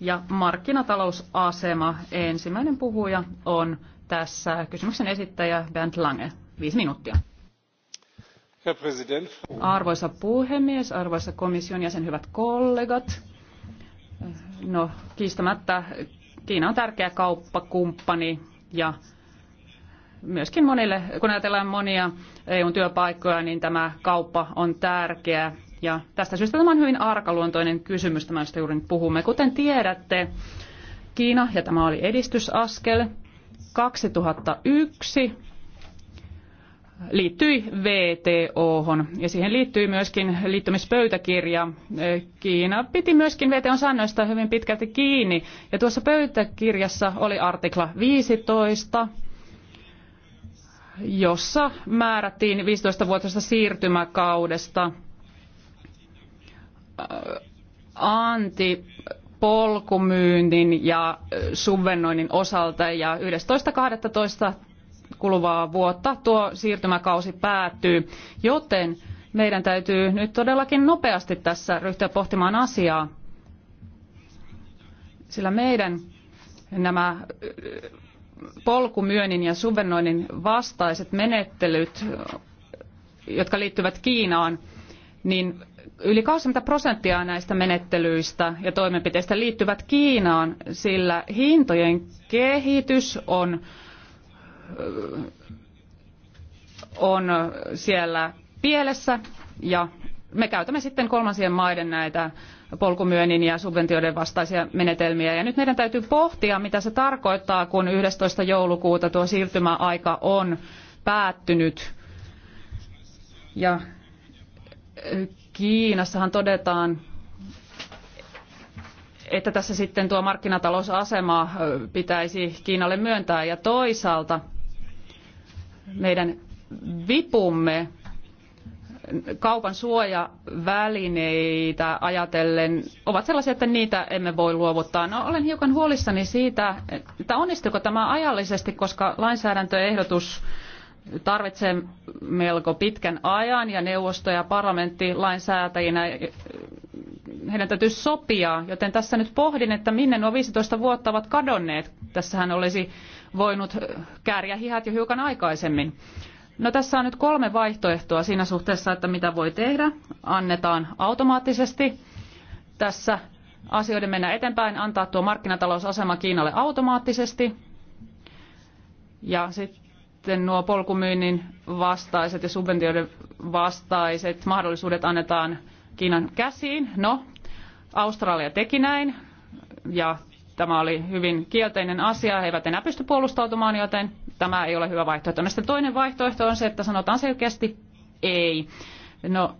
ja markkinatalousasema. Ensimmäinen puhuja on tässä kysymyksen esittäjä Bernd Lange. Viisi minuuttia. Arvoisa puhemies, arvoisa komission jäsen, hyvät kollegat. No, kiistämättä Kiina on tärkeä kauppakumppani ja myöskin monille, kun ajatellaan monia EUn työpaikkoja, niin tämä kauppa on tärkeä ja tästä syystä tämä on hyvin arkaluontoinen kysymys, tämä josta juuri nyt puhumme. Kuten tiedätte, Kiina, ja tämä oli edistysaskel, 2001 liittyi VTOhon ja siihen liittyi myöskin liittymispöytäkirja. Kiina piti myöskin VTOn säännöistä hyvin pitkälti kiinni ja tuossa pöytäkirjassa oli artikla 15, jossa määrättiin 15-vuotisesta siirtymäkaudesta – Äh, anti polkumyynnin ja äh, subvennoinnin osalta ja 11.12. kuluvaa vuotta tuo siirtymäkausi päättyy, joten meidän täytyy nyt todellakin nopeasti tässä ryhtyä pohtimaan asiaa, sillä meidän nämä äh, polkumyönnin ja subvennoinnin vastaiset menettelyt, jotka liittyvät Kiinaan, niin yli 80 prosenttia näistä menettelyistä ja toimenpiteistä liittyvät Kiinaan, sillä hintojen kehitys on, on siellä pielessä ja me käytämme sitten kolmansien maiden näitä polkumyönnin ja subventioiden vastaisia menetelmiä. Ja nyt meidän täytyy pohtia, mitä se tarkoittaa, kun 11. joulukuuta tuo siirtymäaika on päättynyt. Ja Kiinassahan todetaan, että tässä sitten tuo markkinatalousasema pitäisi Kiinalle myöntää ja toisaalta meidän vipumme kaupan suojavälineitä ajatellen ovat sellaisia, että niitä emme voi luovuttaa. No, olen hiukan huolissani siitä, että onnistuiko tämä ajallisesti, koska lainsäädäntöehdotus tarvitsee melko pitkän ajan ja neuvosto ja parlamentti lainsäätäjinä heidän täytyy sopia, joten tässä nyt pohdin, että minne nuo 15 vuotta ovat kadonneet. Tässähän olisi voinut kääriä hihat jo hiukan aikaisemmin. No tässä on nyt kolme vaihtoehtoa siinä suhteessa, että mitä voi tehdä. Annetaan automaattisesti tässä asioiden mennä eteenpäin, antaa tuo markkinatalousasema Kiinalle automaattisesti. Ja sitten sitten nuo polkumyynnin vastaiset ja subventioiden vastaiset mahdollisuudet annetaan Kiinan käsiin. No, Australia teki näin ja tämä oli hyvin kielteinen asia. He eivät enää pysty puolustautumaan, joten tämä ei ole hyvä vaihtoehto. No sitten toinen vaihtoehto on se, että sanotaan selkeästi ei. No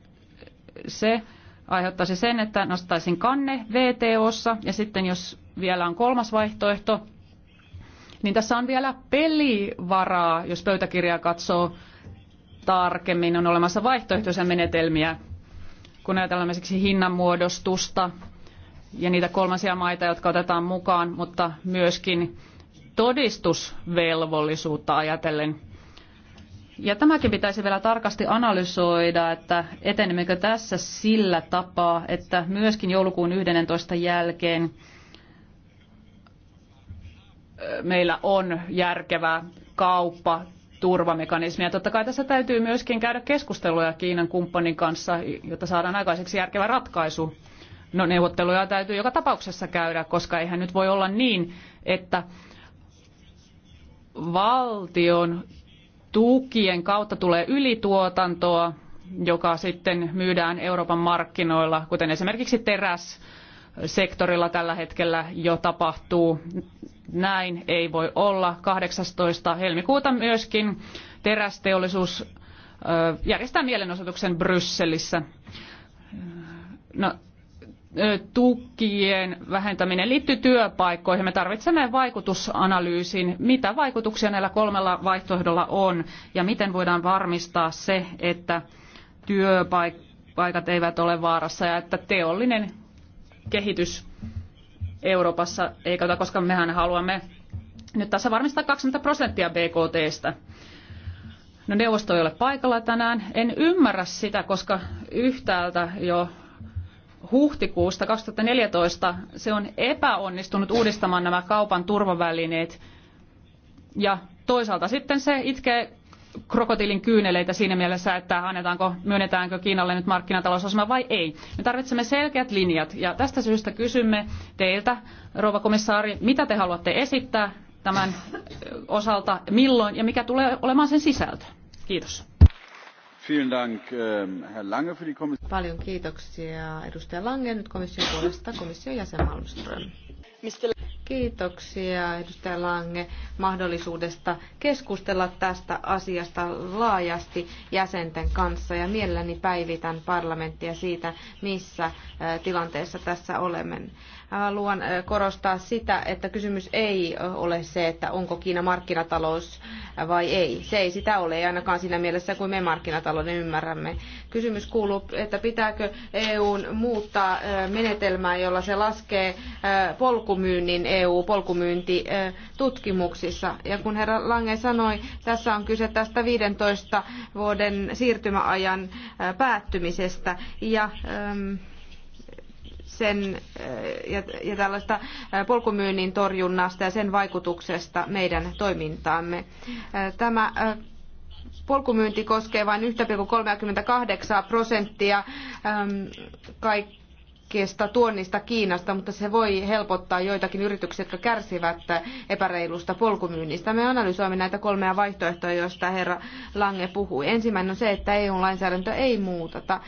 se aiheuttaisi sen, että nostaisin kanne VTOssa ja sitten jos vielä on kolmas vaihtoehto, niin tässä on vielä pelivaraa, jos pöytäkirjaa katsoo tarkemmin, on olemassa vaihtoehtoisia menetelmiä, kun ajatellaan esimerkiksi hinnanmuodostusta ja niitä kolmansia maita, jotka otetaan mukaan, mutta myöskin todistusvelvollisuutta ajatellen. Ja tämäkin pitäisi vielä tarkasti analysoida, että etenemmekö tässä sillä tapaa, että myöskin joulukuun 11. jälkeen meillä on järkevä kauppa, turvamekanismia. Totta kai tässä täytyy myöskin käydä keskusteluja Kiinan kumppanin kanssa, jotta saadaan aikaiseksi järkevä ratkaisu. No neuvotteluja täytyy joka tapauksessa käydä, koska eihän nyt voi olla niin, että valtion tukien kautta tulee ylituotantoa, joka sitten myydään Euroopan markkinoilla, kuten esimerkiksi teräs sektorilla tällä hetkellä jo tapahtuu. Näin ei voi olla. 18. helmikuuta myöskin terästeollisuus järjestää mielenosoituksen Brysselissä. No, tukien vähentäminen liittyy työpaikkoihin. Me tarvitsemme vaikutusanalyysin, mitä vaikutuksia näillä kolmella vaihtoehdolla on ja miten voidaan varmistaa se, että työpaikat eivät ole vaarassa ja että teollinen kehitys Euroopassa, eikä ota, koska mehän haluamme nyt tässä varmistaa 20 prosenttia BKTstä. No neuvosto ei ole paikalla tänään. En ymmärrä sitä, koska yhtäältä jo huhtikuusta 2014 se on epäonnistunut uudistamaan nämä kaupan turvavälineet. Ja toisaalta sitten se itkee krokotiilin kyyneleitä siinä mielessä, että annetaanko, myönnetäänkö Kiinalle nyt markkinatalousasema vai ei. Me tarvitsemme selkeät linjat ja tästä syystä kysymme teiltä, rouva komissaari, mitä te haluatte esittää tämän osalta, milloin ja mikä tulee olemaan sen sisältö. Kiitos. Ähm, Paljon kiitoksia edustaja Lange. Nyt komission puolesta komission jäsen Malmström. Kiitoksia edustaja Lange mahdollisuudesta keskustella tästä asiasta laajasti jäsenten kanssa ja mielelläni päivitän parlamenttia siitä, missä tilanteessa tässä olemme. Haluan korostaa sitä, että kysymys ei ole se, että onko Kiina markkinatalous vai ei. Se ei sitä ole, ei ainakaan siinä mielessä kuin me markkinatalouden ymmärrämme. Kysymys kuuluu, että pitääkö EUn muuttaa menetelmää, jolla se laskee polkumyynnin EU-polkumyyntitutkimuksissa. Ja kun herra Lange sanoi, tässä on kyse tästä 15 vuoden siirtymäajan päättymisestä ja sen ja, ja tällaista polkumyynnin torjunnasta ja sen vaikutuksesta meidän toimintaamme. Tämä polkumyynti koskee vain 1,38 prosenttia kaikkea kaikesta tuonnista Kiinasta, mutta se voi helpottaa joitakin yrityksiä, jotka kärsivät epäreilusta polkumyynnistä. Me analysoimme näitä kolmea vaihtoehtoa, joista herra Lange puhui. Ensimmäinen on se, että EU-lainsäädäntö ei muutata.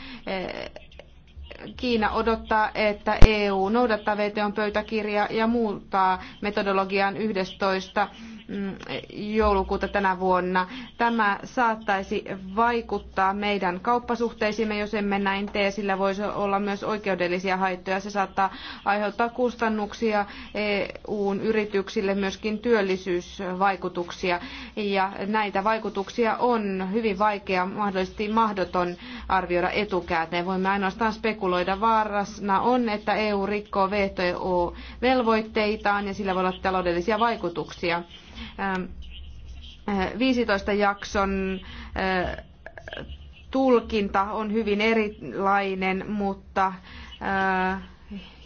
Kiina odottaa, että EU noudattaa VTOn pöytäkirjaa ja muuttaa metodologian 11 mm, joulukuuta tänä vuonna. Tämä saattaisi vaikuttaa meidän kauppasuhteisiimme, jos emme näin tee, sillä voisi olla myös oikeudellisia haittoja. Se saattaa aiheuttaa kustannuksia EUn yrityksille, myöskin työllisyysvaikutuksia. Ja näitä vaikutuksia on hyvin vaikea, mahdollisesti mahdoton arvioida etukäteen. Voimme ainoastaan spekuloida manipuloida. Vaarasna on, että EU rikkoo VTO-velvoitteitaan ja sillä voi olla taloudellisia vaikutuksia. 15 ähm, äh, jakson äh, tulkinta on hyvin erilainen, mutta äh,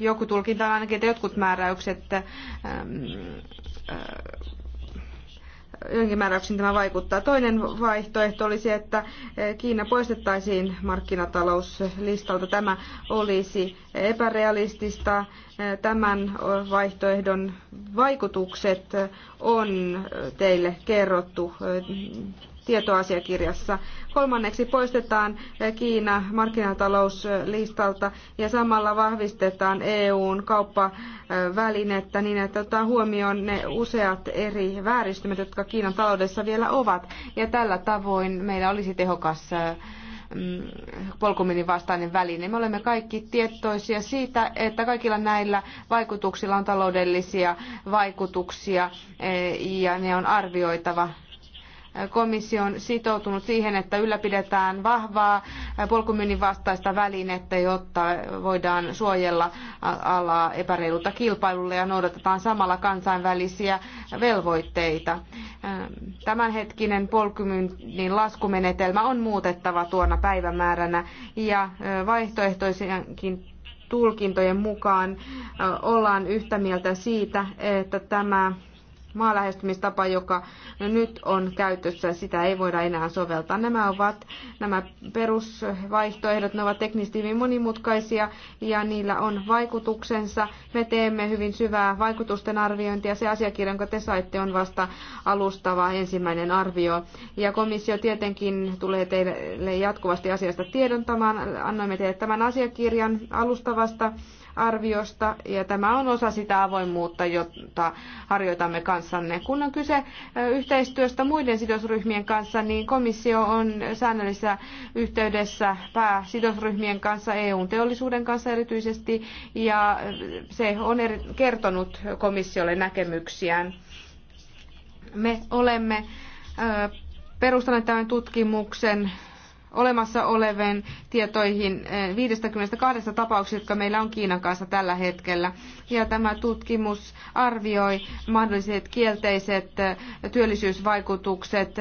joku tulkinta on ainakin, että jotkut määräykset ähm, jonkin määräyksin tämä vaikuttaa. Toinen vaihtoehto olisi, että eh, Kiina poistettaisiin markkinatalouslistalta. Tämä olisi epärealistista. Eh, tämän vaihtoehdon vaikutukset on eh, teille kerrottu tietoasiakirjassa. Kolmanneksi poistetaan Kiina markkinatalouslistalta ja samalla vahvistetaan EUn kauppavälinettä niin, että otetaan huomioon ne useat eri vääristymät, jotka Kiinan taloudessa vielä ovat. Ja tällä tavoin meillä olisi tehokas mm, polkuminin vastainen väline. Me olemme kaikki tietoisia siitä, että kaikilla näillä vaikutuksilla on taloudellisia vaikutuksia eh, ja ne on arvioitava komissio on sitoutunut siihen, että ylläpidetään vahvaa polkumyynnin vastaista välinettä, jotta voidaan suojella alaa epäreilulta kilpailulle ja noudatetaan samalla kansainvälisiä velvoitteita. Tämänhetkinen polkumyynnin laskumenetelmä on muutettava tuona päivämääränä ja vaihtoehtoisiakin tulkintojen mukaan ollaan yhtä mieltä siitä, että tämä maalähestymistapa, joka nyt on käytössä, sitä ei voida enää soveltaa. Nämä ovat nämä perusvaihtoehdot, ne ovat teknisesti hyvin monimutkaisia ja niillä on vaikutuksensa. Me teemme hyvin syvää vaikutusten arviointia. Se asiakirja, jonka te saitte, on vasta alustava ensimmäinen arvio. Ja komissio tietenkin tulee teille jatkuvasti asiasta tiedontamaan. Annoimme teille tämän asiakirjan alustavasta arviosta ja tämä on osa sitä avoimuutta, jota harjoitamme kanssanne. Kun on kyse yhteistyöstä muiden sidosryhmien kanssa, niin komissio on säännöllisessä yhteydessä pääsidosryhmien kanssa, EUn teollisuuden kanssa erityisesti, ja se on kertonut komissiolle näkemyksiään. Me olemme perustaneet tämän tutkimuksen olemassa oleviin tietoihin 52 eh, tapauksista, jotka meillä on Kiinan kanssa tällä hetkellä. Ja tämä tutkimus arvioi mahdolliset kielteiset eh, työllisyysvaikutukset,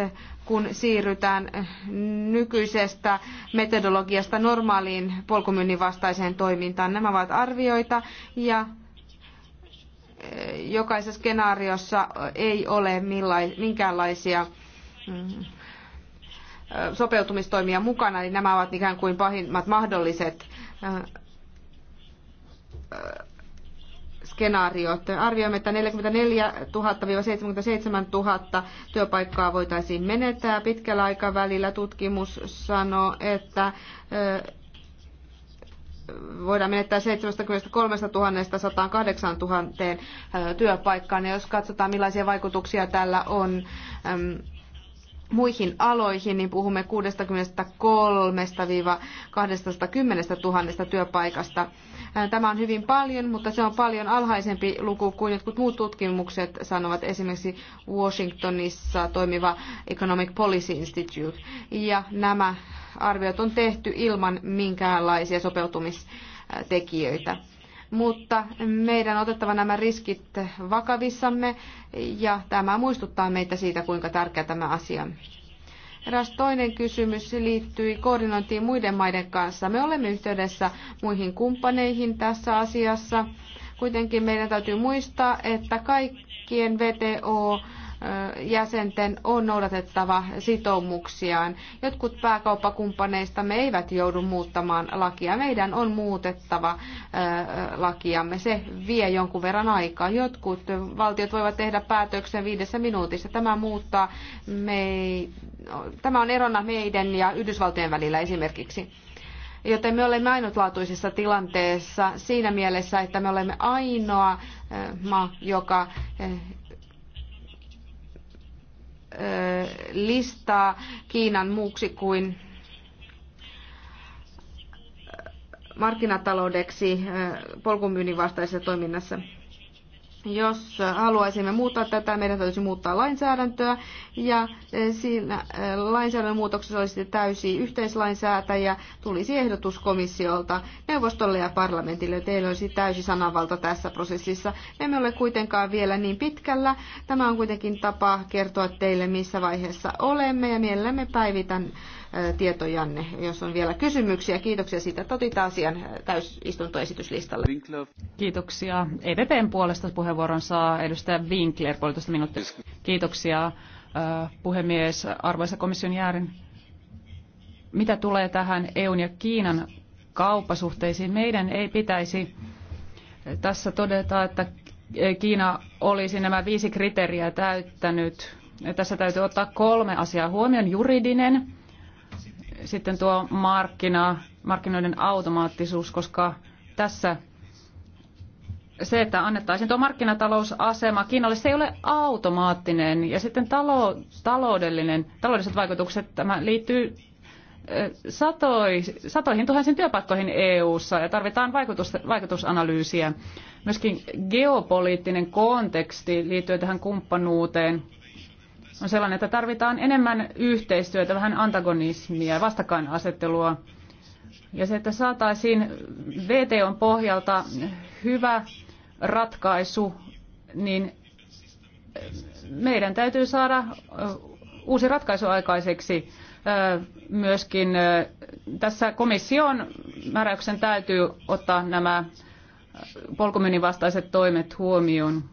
kun siirrytään eh, nykyisestä metodologiasta normaaliin polkumyynnin vastaiseen toimintaan. Nämä ovat arvioita ja jokaisessa skenaariossa ei ole minkäänlaisia mm, sopeutumistoimia mukana, niin nämä ovat ikään kuin pahimmat mahdolliset skenaariot. Arvioimme, että 44 000-77 000 työpaikkaa voitaisiin menettää pitkällä aikavälillä. Tutkimus sanoo, että voidaan menettää 73 000 108 000 työpaikkaan. Ja jos katsotaan, millaisia vaikutuksia tällä on muihin aloihin, niin puhumme 63 210 000 työpaikasta. Tämä on hyvin paljon, mutta se on paljon alhaisempi luku kuin jotkut muut tutkimukset sanovat, esimerkiksi Washingtonissa toimiva Economic Policy Institute. Ja nämä arviot on tehty ilman minkäänlaisia sopeutumistekijöitä mutta meidän on otettava nämä riskit vakavissamme ja tämä muistuttaa meitä siitä, kuinka tärkeä tämä asia Eräs toinen kysymys liittyi koordinointiin muiden maiden kanssa. Me olemme yhteydessä muihin kumppaneihin tässä asiassa. Kuitenkin meidän täytyy muistaa, että kaikkien VTO jäsenten on noudatettava sitoumuksiaan. Jotkut pääkauppakumppaneistamme eivät joudu muuttamaan lakia. Meidän on muutettava lakiamme. Se vie jonkun verran aikaa. Jotkut valtiot voivat tehdä päätöksen viidessä minuutissa. Tämä muuttaa me... No, tämä on erona meidän ja Yhdysvaltojen välillä esimerkiksi joten me olemme ainutlaatuisessa tilanteessa siinä mielessä, että me olemme ainoa maa, joka listaa Kiinan muuksi kuin markkinataloudeksi polkumyynnin vastaisessa toiminnassa. Jos haluaisimme muuttaa tätä, meidän täytyisi muuttaa lainsäädäntöä ja eh, siinä eh, lainsäädännön muutoksessa olisi täysi yhteislainsäätäjä, tulisi ehdotus komissiolta, neuvostolle ja parlamentille. Teillä olisi täysi sananvalta tässä prosessissa. Me emme ole kuitenkaan vielä niin pitkällä. Tämä on kuitenkin tapa kertoa teille, missä vaiheessa olemme ja mielellämme päivitän tietojanne, jos on vielä kysymyksiä. Kiitoksia siitä, että otit asian täysistuntoesityslistalle. Kiitoksia. EVPn puolesta puheenvuoron saa edustaja Winkler, puolitoista minuuttia. Kiitoksia puhemies, arvoisa komission jäärin, Mitä tulee tähän EUn ja Kiinan kauppasuhteisiin, meidän ei pitäisi tässä todeta, että Kiina olisi nämä viisi kriteeriä täyttänyt. Tässä täytyy ottaa kolme asiaa huomioon. Juridinen, sitten tuo markkina, markkinoiden automaattisuus, koska tässä se, että annettaisiin tuo markkinatalousasema Kiinalle, se ei ole automaattinen. Ja sitten talo, taloudellinen, taloudelliset vaikutukset, tämä liittyy satoi, satoihin tuhansiin työpaikkoihin EU-ssa ja tarvitaan vaikutus, vaikutusanalyysiä. Myöskin geopoliittinen konteksti liittyy tähän kumppanuuteen – on sellainen, että tarvitaan enemmän yhteistyötä, vähän antagonismia, vastakkainasettelua. Ja se, että saataisiin VTOn pohjalta hyvä ratkaisu, niin meidän täytyy saada uusi ratkaisu aikaiseksi myöskin tässä komission määräyksen täytyy ottaa nämä polkumyynnin vastaiset toimet huomioon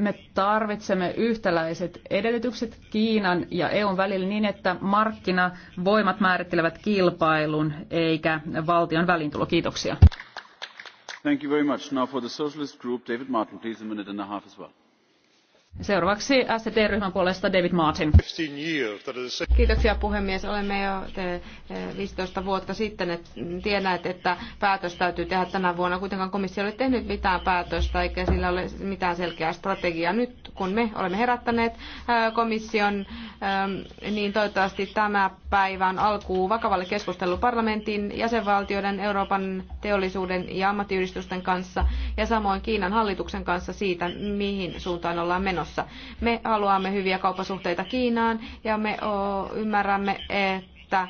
me tarvitsemme yhtäläiset edellytykset Kiinan ja EUn välillä niin, että markkinavoimat määrittelevät kilpailun eikä valtion välintulo. Kiitoksia. Thank you very much. Now for the socialist group, David Martin, please a minute and a half as well. Seuraavaksi ST-ryhmän puolesta David Martin. Kiitoksia puhemies. Olemme jo 15 eh, eh, vuotta sitten tienneet, että päätös täytyy tehdä tänä vuonna. Kuitenkaan komissio ei ole tehnyt mitään päätöstä eikä sillä ole mitään selkeää strategiaa. Nyt kun me olemme herättäneet eh, komission, niin toivottavasti tämä päivän alkuu vakavalle keskustelu parlamentin, jäsenvaltioiden, Euroopan teollisuuden ja ammattiyhdistysten kanssa ja samoin Kiinan hallituksen kanssa siitä, mihin suuntaan ollaan menossa menossa. Me haluamme hyviä kauppasuhteita Kiinaan ja me ymmärrämme, että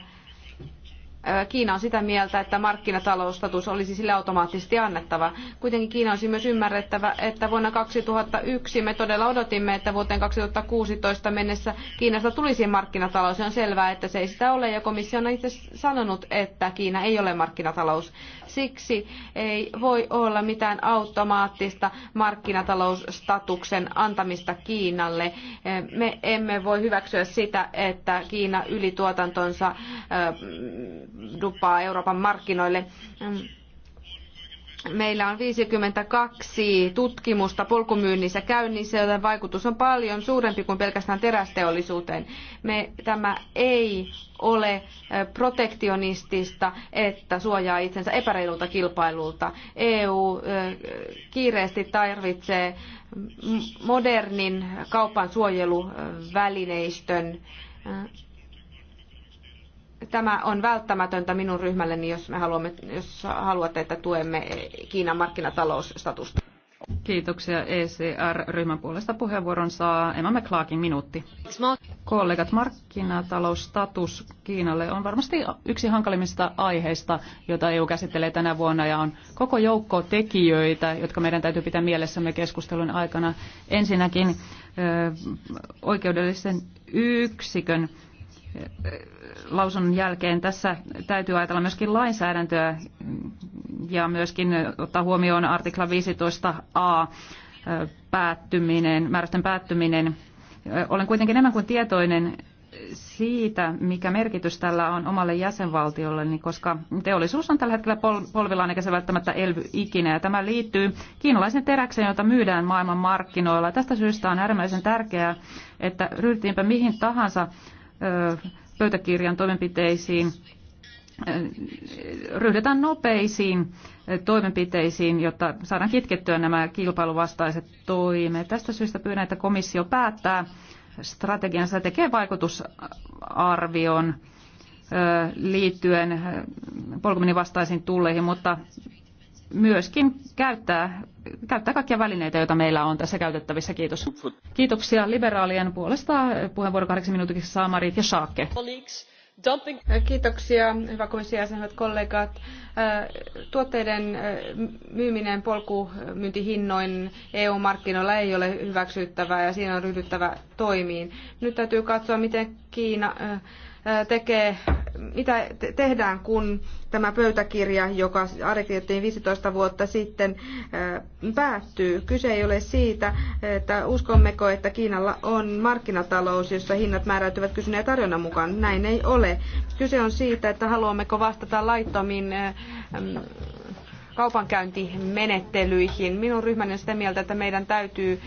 Kiina on sitä mieltä, että markkinatalousstatus olisi sille automaattisesti annettava. Kuitenkin Kiina olisi myös ymmärrettävä, että vuonna 2001 me todella odotimme, että vuoteen 2016 mennessä Kiinasta tulisi markkinatalous. Se on selvää, että se ei sitä ole ja komissio on itse sanonut, että Kiina ei ole markkinatalous. Siksi ei voi olla mitään automaattista markkinatalousstatuksen antamista Kiinalle. Me emme voi hyväksyä sitä, että Kiina ylituotantonsa dupaa Euroopan markkinoille. Mm. Meillä on 52 tutkimusta polkumyynnissä käynnissä, joten vaikutus on paljon suurempi kuin pelkästään terästeollisuuteen. Me, tämä ei ole protektionistista, että suojaa itsensä epäreilulta kilpailulta. EU kiireesti tarvitsee modernin kaupan suojeluvälineistön tämä on välttämätöntä minun ryhmälleni, jos, me haluamme, jos haluatte, että tuemme Kiinan markkinatalousstatusta. Kiitoksia ECR-ryhmän puolesta puheenvuoron saa Emma McClarkin minuutti. Kollegat, markkinatalousstatus Kiinalle on varmasti yksi hankalimmista aiheista, jota EU käsittelee tänä vuonna ja on koko joukko tekijöitä, jotka meidän täytyy pitää mielessämme keskustelun aikana. Ensinnäkin oikeudellisen yksikön lausunnon jälkeen tässä täytyy ajatella myöskin lainsäädäntöä ja myöskin ottaa huomioon artikla 15a päättyminen, määräysten päättyminen. Olen kuitenkin enemmän kuin tietoinen siitä, mikä merkitys tällä on omalle jäsenvaltiolle, niin koska teollisuus on tällä hetkellä polvillaan eikä se välttämättä elvy ikinä. Ja tämä liittyy kiinalaisen teräkseen, jota myydään maailman markkinoilla. Tästä syystä on äärimmäisen tärkeää, että ryhdytiinpä mihin tahansa pöytäkirjan toimenpiteisiin ryhdytään nopeisiin toimenpiteisiin, jotta saadaan kitkettyä nämä kilpailuvastaiset toimet. Tästä syystä pyydän, että komissio päättää strategiansa tekee vaikutusarvion liittyen polkuminivastaisiin tulleihin, mutta myöskin käyttää, käyttää kaikkia välineitä, joita meillä on tässä käytettävissä. Kiitos. Kiitoksia liberaalien puolesta. Puheenvuoro kahdeksan minuutiksi saa Marit ja Saakke. Kiitoksia, hyvä komission jäsen, hyvät kollegat. Äh, tuotteiden äh, myyminen polkumyyntihinnoin EU-markkinoilla ei ole hyväksyttävää ja siinä on ryhdyttävä toimiin. Nyt täytyy katsoa, miten Kiina äh, tekee, mitä te- tehdään, kun tämä pöytäkirja, joka allekirjoitettiin 15 vuotta sitten, päättyy. Kyse ei ole siitä, että uskommeko, että Kiinalla on markkinatalous, jossa hinnat määräytyvät kysynnän ja tarjonnan mukaan. Näin ei ole. Kyse on siitä, että haluammeko vastata laittomiin mm, kaupankäyntimenettelyihin. Minun ryhmäni on sitä mieltä, että meidän täytyy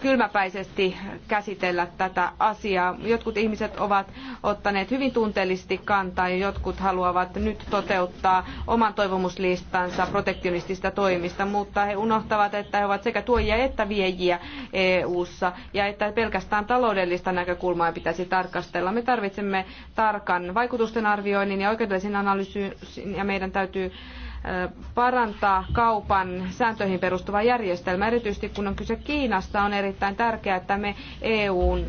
kylmäpäisesti käsitellä tätä asiaa. Jotkut ihmiset ovat ottaneet hyvin tunteellisesti kantaa ja jotkut haluavat nyt toteuttaa oman toivomuslistansa protektionistista toimista, mutta he unohtavat, että he ovat sekä tuojia että viejiä EU-ssa ja että pelkästään taloudellista näkökulmaa pitäisi tarkastella. Me tarvitsemme tarkan vaikutusten arvioinnin ja oikeudellisen analyysin ja meidän täytyy parantaa kaupan sääntöihin perustuvaa järjestelmää. Erityisesti kun on kyse Kiinasta, on erittäin tärkeää, että me EUn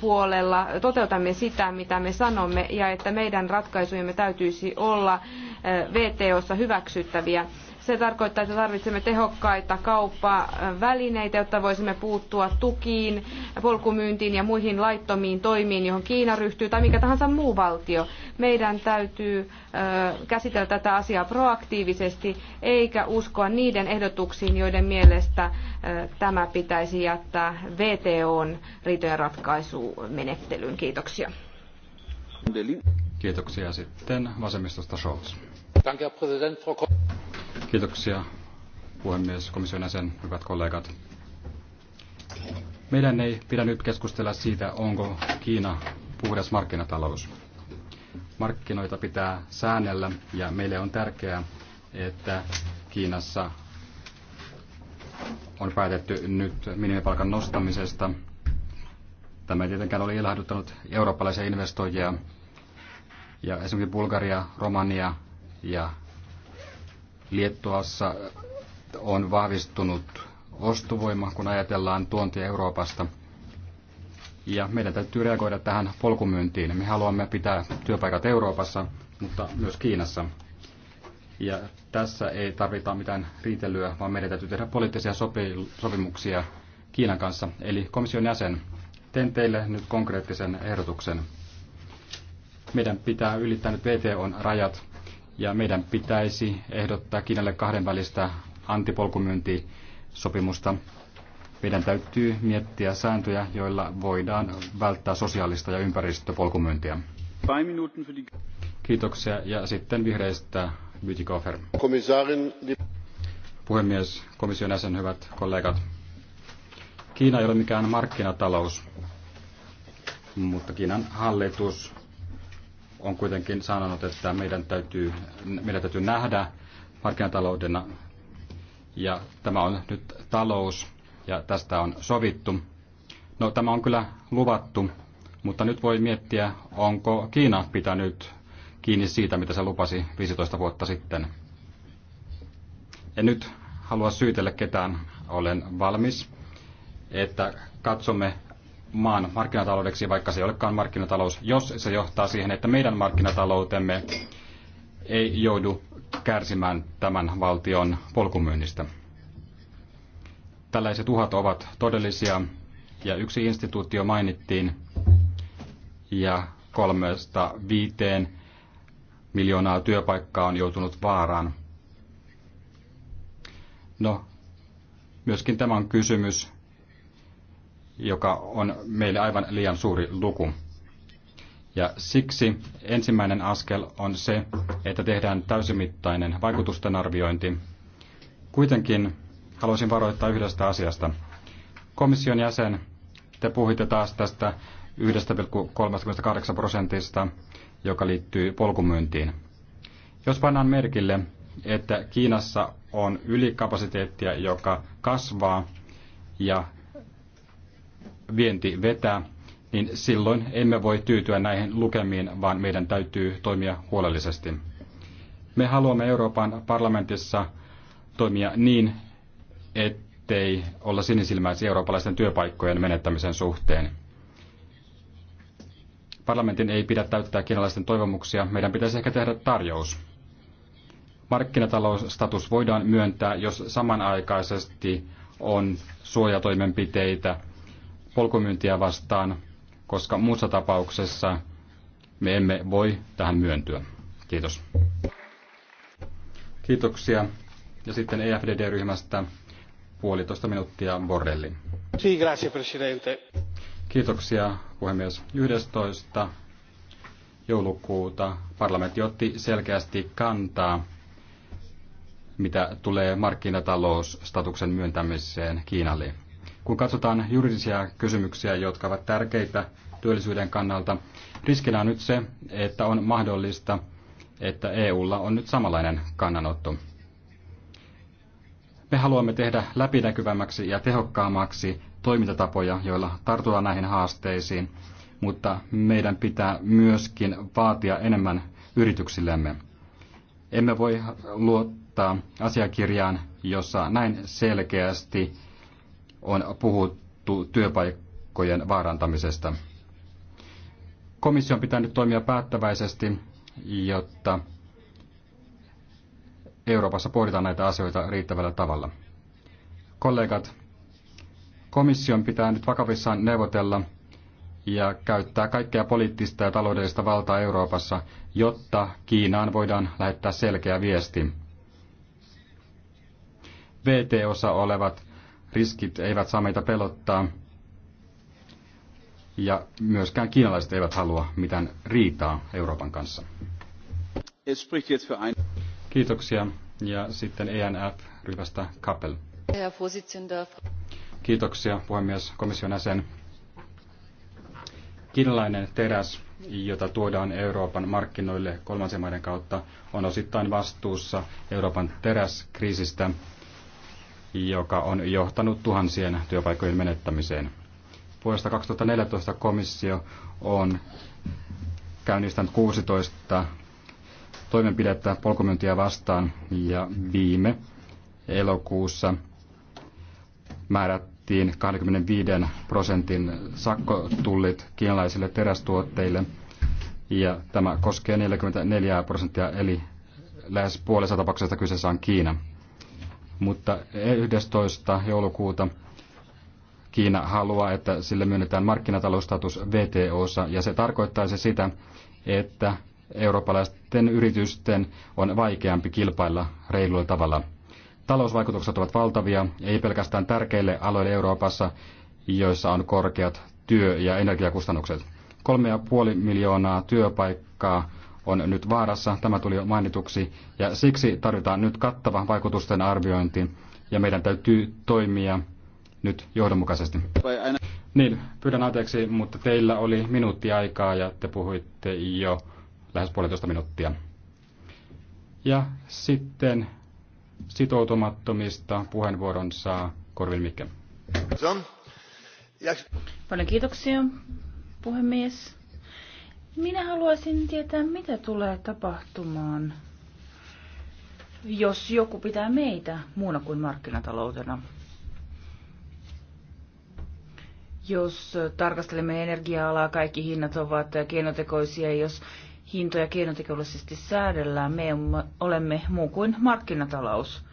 puolella toteutamme sitä, mitä me sanomme, ja että meidän ratkaisujemme täytyisi olla VTOssa hyväksyttäviä. Se tarkoittaa, että tarvitsemme tehokkaita kauppavälineitä, jotta voisimme puuttua tukiin, polkumyyntiin ja muihin laittomiin toimiin, johon Kiina ryhtyy tai mikä tahansa muu valtio. Meidän täytyy käsitellä tätä asiaa proaktiivisesti, eikä uskoa niiden ehdotuksiin, joiden mielestä tämä pitäisi jättää VTOn riitojen ratkaisumenettelyyn. Kiitoksia. Kiitoksia sitten vasemmistosta Scholz. Kiitoksia puhemies, komission jäsen, hyvät kollegat. Meidän ei pidä nyt keskustella siitä, onko Kiina puhdas markkinatalous. Markkinoita pitää säännellä ja meille on tärkeää, että Kiinassa on päätetty nyt minimipalkan nostamisesta. Tämä ei tietenkään ole ilahduttanut eurooppalaisia investoijia. Ja esimerkiksi Bulgaria, Romania ja Liettuassa on vahvistunut ostovoima, kun ajatellaan tuontia Euroopasta. Ja meidän täytyy reagoida tähän polkumyyntiin. Me haluamme pitää työpaikat Euroopassa, mutta myös Kiinassa. Ja tässä ei tarvita mitään riitelyä, vaan meidän täytyy tehdä poliittisia sopimuksia Kiinan kanssa. Eli komission jäsen, teen teille nyt konkreettisen ehdotuksen. Meidän pitää ylittää nyt VTOn rajat ja meidän pitäisi ehdottaa Kiinalle kahdenvälistä antipolkumyyntisopimusta. Meidän täytyy miettiä sääntöjä, joilla voidaan välttää sosiaalista ja ympäristöpolkumyyntiä. Kiitoksia ja sitten vihreistä Bytikofer. Puhemies, komission jäsen, hyvät kollegat. Kiina ei ole mikään markkinatalous, mutta Kiinan hallitus on kuitenkin sanonut, että meidän täytyy, meidän täytyy nähdä markkinataloudena. Ja tämä on nyt talous ja tästä on sovittu. No tämä on kyllä luvattu, mutta nyt voi miettiä, onko Kiina pitänyt kiinni siitä, mitä se lupasi 15 vuotta sitten. En nyt halua syytellä ketään, olen valmis, että katsomme maan markkinataloudeksi, vaikka se ei olekaan markkinatalous, jos se johtaa siihen, että meidän markkinataloutemme ei joudu kärsimään tämän valtion polkumyynnistä. Tällaiset uhat ovat todellisia ja yksi instituutio mainittiin ja kolmesta viiteen miljoonaa työpaikkaa on joutunut vaaraan. No, myöskin tämä on kysymys, joka on meille aivan liian suuri luku. Ja siksi ensimmäinen askel on se, että tehdään täysimittainen vaikutusten arviointi. Kuitenkin haluaisin varoittaa yhdestä asiasta. Komission jäsen, te puhuitte taas tästä 1,38 prosentista, joka liittyy polkumyyntiin. Jos pannaan merkille, että Kiinassa on ylikapasiteettia, joka kasvaa, ja vienti vetää, niin silloin emme voi tyytyä näihin lukemiin, vaan meidän täytyy toimia huolellisesti. Me haluamme Euroopan parlamentissa toimia niin, ettei olla sinisilmäisiä eurooppalaisten työpaikkojen menettämisen suhteen. Parlamentin ei pidä täyttää kiinalaisten toivomuksia, meidän pitäisi ehkä tehdä tarjous. Markkinatalousstatus voidaan myöntää, jos samanaikaisesti on suojatoimenpiteitä – polkumyyntiä vastaan, koska muussa tapauksessa me emme voi tähän myöntyä. Kiitos. Kiitoksia. Ja sitten EFDD-ryhmästä puolitoista minuuttia Borrelli. Si, presidente. Kiitoksia puhemies. 11. joulukuuta parlamentti otti selkeästi kantaa, mitä tulee markkinatalousstatuksen myöntämiseen Kiinalle. Kun katsotaan juridisia kysymyksiä, jotka ovat tärkeitä työllisyyden kannalta, riskinä on nyt se, että on mahdollista, että EUlla on nyt samanlainen kannanotto. Me haluamme tehdä läpinäkyvämmäksi ja tehokkaammaksi toimintatapoja, joilla tartutaan näihin haasteisiin, mutta meidän pitää myöskin vaatia enemmän yrityksillemme. Emme voi luottaa asiakirjaan, jossa näin selkeästi on puhuttu työpaikkojen vaarantamisesta. Komission pitää nyt toimia päättäväisesti, jotta Euroopassa pohditaan näitä asioita riittävällä tavalla. Kollegat, komission pitää nyt vakavissaan neuvotella ja käyttää kaikkea poliittista ja taloudellista valtaa Euroopassa, jotta Kiinaan voidaan lähettää selkeä viesti. VTOssa olevat riskit eivät saa meitä pelottaa. Ja myöskään kiinalaiset eivät halua mitään riitaa Euroopan kanssa. Kiitoksia. Ja sitten ENF-ryhmästä Kappel. Kiitoksia puhemies komission jäsen. Kiinalainen teräs, jota tuodaan Euroopan markkinoille kolmansien maiden kautta, on osittain vastuussa Euroopan teräskriisistä, joka on johtanut tuhansien työpaikkojen menettämiseen. Vuodesta 2014 komissio on käynnistänyt 16 toimenpidettä polkumyyntiä vastaan ja viime elokuussa määrättiin 25 prosentin sakkotullit kiinalaisille terästuotteille ja tämä koskee 44 prosenttia eli lähes puolessa tapauksesta kyseessä on Kiina mutta 11. joulukuuta Kiina haluaa, että sille myönnetään markkinataloustatus VTOssa, ja se tarkoittaisi sitä, että eurooppalaisten yritysten on vaikeampi kilpailla reilulla tavalla. Talousvaikutukset ovat valtavia, ei pelkästään tärkeille aloille Euroopassa, joissa on korkeat työ- ja energiakustannukset. 3,5 miljoonaa työpaikkaa on nyt vaarassa, tämä tuli jo mainituksi, ja siksi tarvitaan nyt kattava vaikutusten arviointi, ja meidän täytyy toimia nyt johdonmukaisesti. Niin, pyydän anteeksi, mutta teillä oli minuutti aikaa ja te puhuitte jo lähes puolitoista minuuttia. Ja sitten sitoutumattomista puheenvuoron saa Korvin Mikke. Paljon kiitoksia, puhemies. Minä haluaisin tietää, mitä tulee tapahtumaan, jos joku pitää meitä muuna kuin markkinataloutena. Jos tarkastelemme energia-alaa, kaikki hinnat ovat keinotekoisia. Jos hintoja keinotekoisesti säädellään, me olemme muu kuin markkinatalous.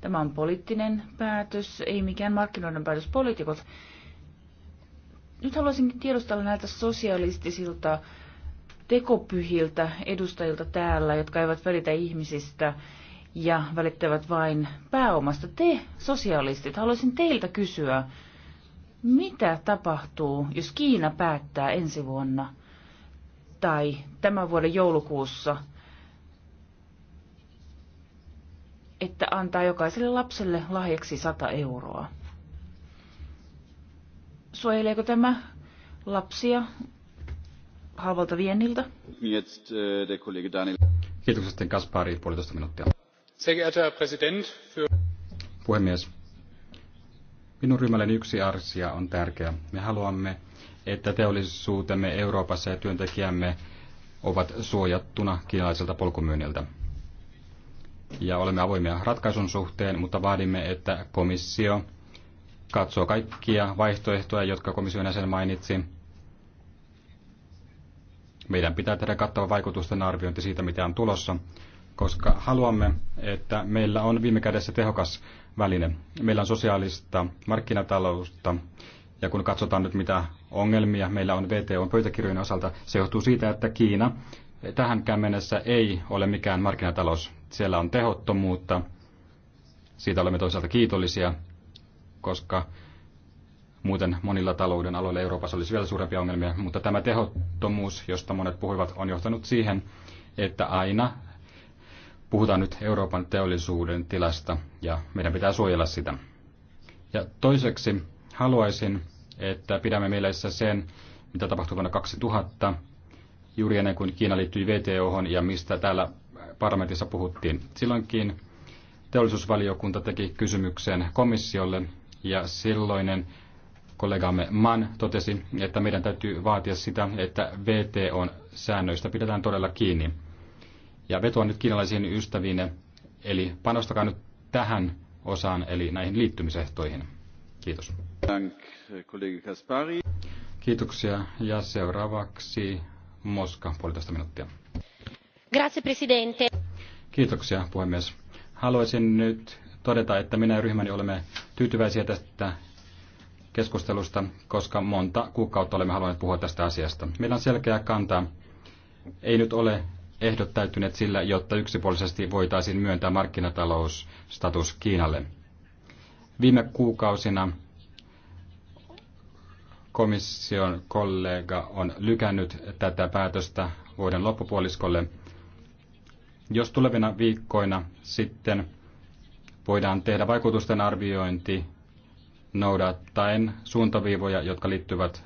Tämä on poliittinen päätös, ei mikään markkinoiden päätös. Poliitikot nyt haluaisin tiedustella näiltä sosialistisilta tekopyhiltä edustajilta täällä, jotka eivät välitä ihmisistä ja välittävät vain pääomasta. Te, sosialistit, haluaisin teiltä kysyä, mitä tapahtuu, jos Kiina päättää ensi vuonna tai tämän vuoden joulukuussa, että antaa jokaiselle lapselle lahjaksi 100 euroa? Suojeleeko tämä lapsia halvalta vienniltä? Jetzt, äh, der Kollege Daniel. sitten Kaspari, puolitoista minuuttia. Puhemies, minun ryhmälleni yksi arsia on tärkeä. Me haluamme, että teollisuutemme Euroopassa ja työntekijämme ovat suojattuna kiinalaiselta polkumyynniltä. Ja olemme avoimia ratkaisun suhteen, mutta vaadimme, että komissio katsoo kaikkia vaihtoehtoja, jotka komission jäsen mainitsi. Meidän pitää tehdä kattava vaikutusten arviointi siitä, mitä on tulossa, koska haluamme, että meillä on viime kädessä tehokas väline. Meillä on sosiaalista markkinataloutta, ja kun katsotaan nyt, mitä ongelmia meillä on VTOn pöytäkirjojen osalta, se johtuu siitä, että Kiina tähänkään mennessä ei ole mikään markkinatalous. Siellä on tehottomuutta, siitä olemme toisaalta kiitollisia, koska muuten monilla talouden aloilla Euroopassa olisi vielä suurempia ongelmia. Mutta tämä tehottomuus, josta monet puhuivat, on johtanut siihen, että aina puhutaan nyt Euroopan teollisuuden tilasta ja meidän pitää suojella sitä. Ja toiseksi haluaisin, että pidämme mielessä sen, mitä tapahtui vuonna 2000, juuri ennen kuin Kiina liittyi VTOhon ja mistä täällä parlamentissa puhuttiin. Silloinkin teollisuusvaliokunta teki kysymyksen komissiolle ja silloinen kollegamme Mann totesi, että meidän täytyy vaatia sitä, että VTOn säännöistä pidetään todella kiinni. Ja vetoan nyt kiinalaisiin ystäviin, eli panostakaa nyt tähän osaan, eli näihin liittymisehtoihin. Kiitos. Kiitoksia. Ja seuraavaksi Moska, puolitoista minuuttia. Grazie, presidente. Kiitoksia, puhemies. Haluaisin nyt todeta, että minä ja ryhmäni olemme tyytyväisiä tästä keskustelusta, koska monta kuukautta olemme halunneet puhua tästä asiasta. Meillä on selkeä kanta. Ei nyt ole ehdot täyttyneet sillä, jotta yksipuolisesti voitaisiin myöntää markkinatalousstatus Kiinalle. Viime kuukausina komission kollega on lykännyt tätä päätöstä vuoden loppupuoliskolle. Jos tulevina viikkoina sitten voidaan tehdä vaikutusten arviointi noudattaen suuntaviivoja, jotka liittyvät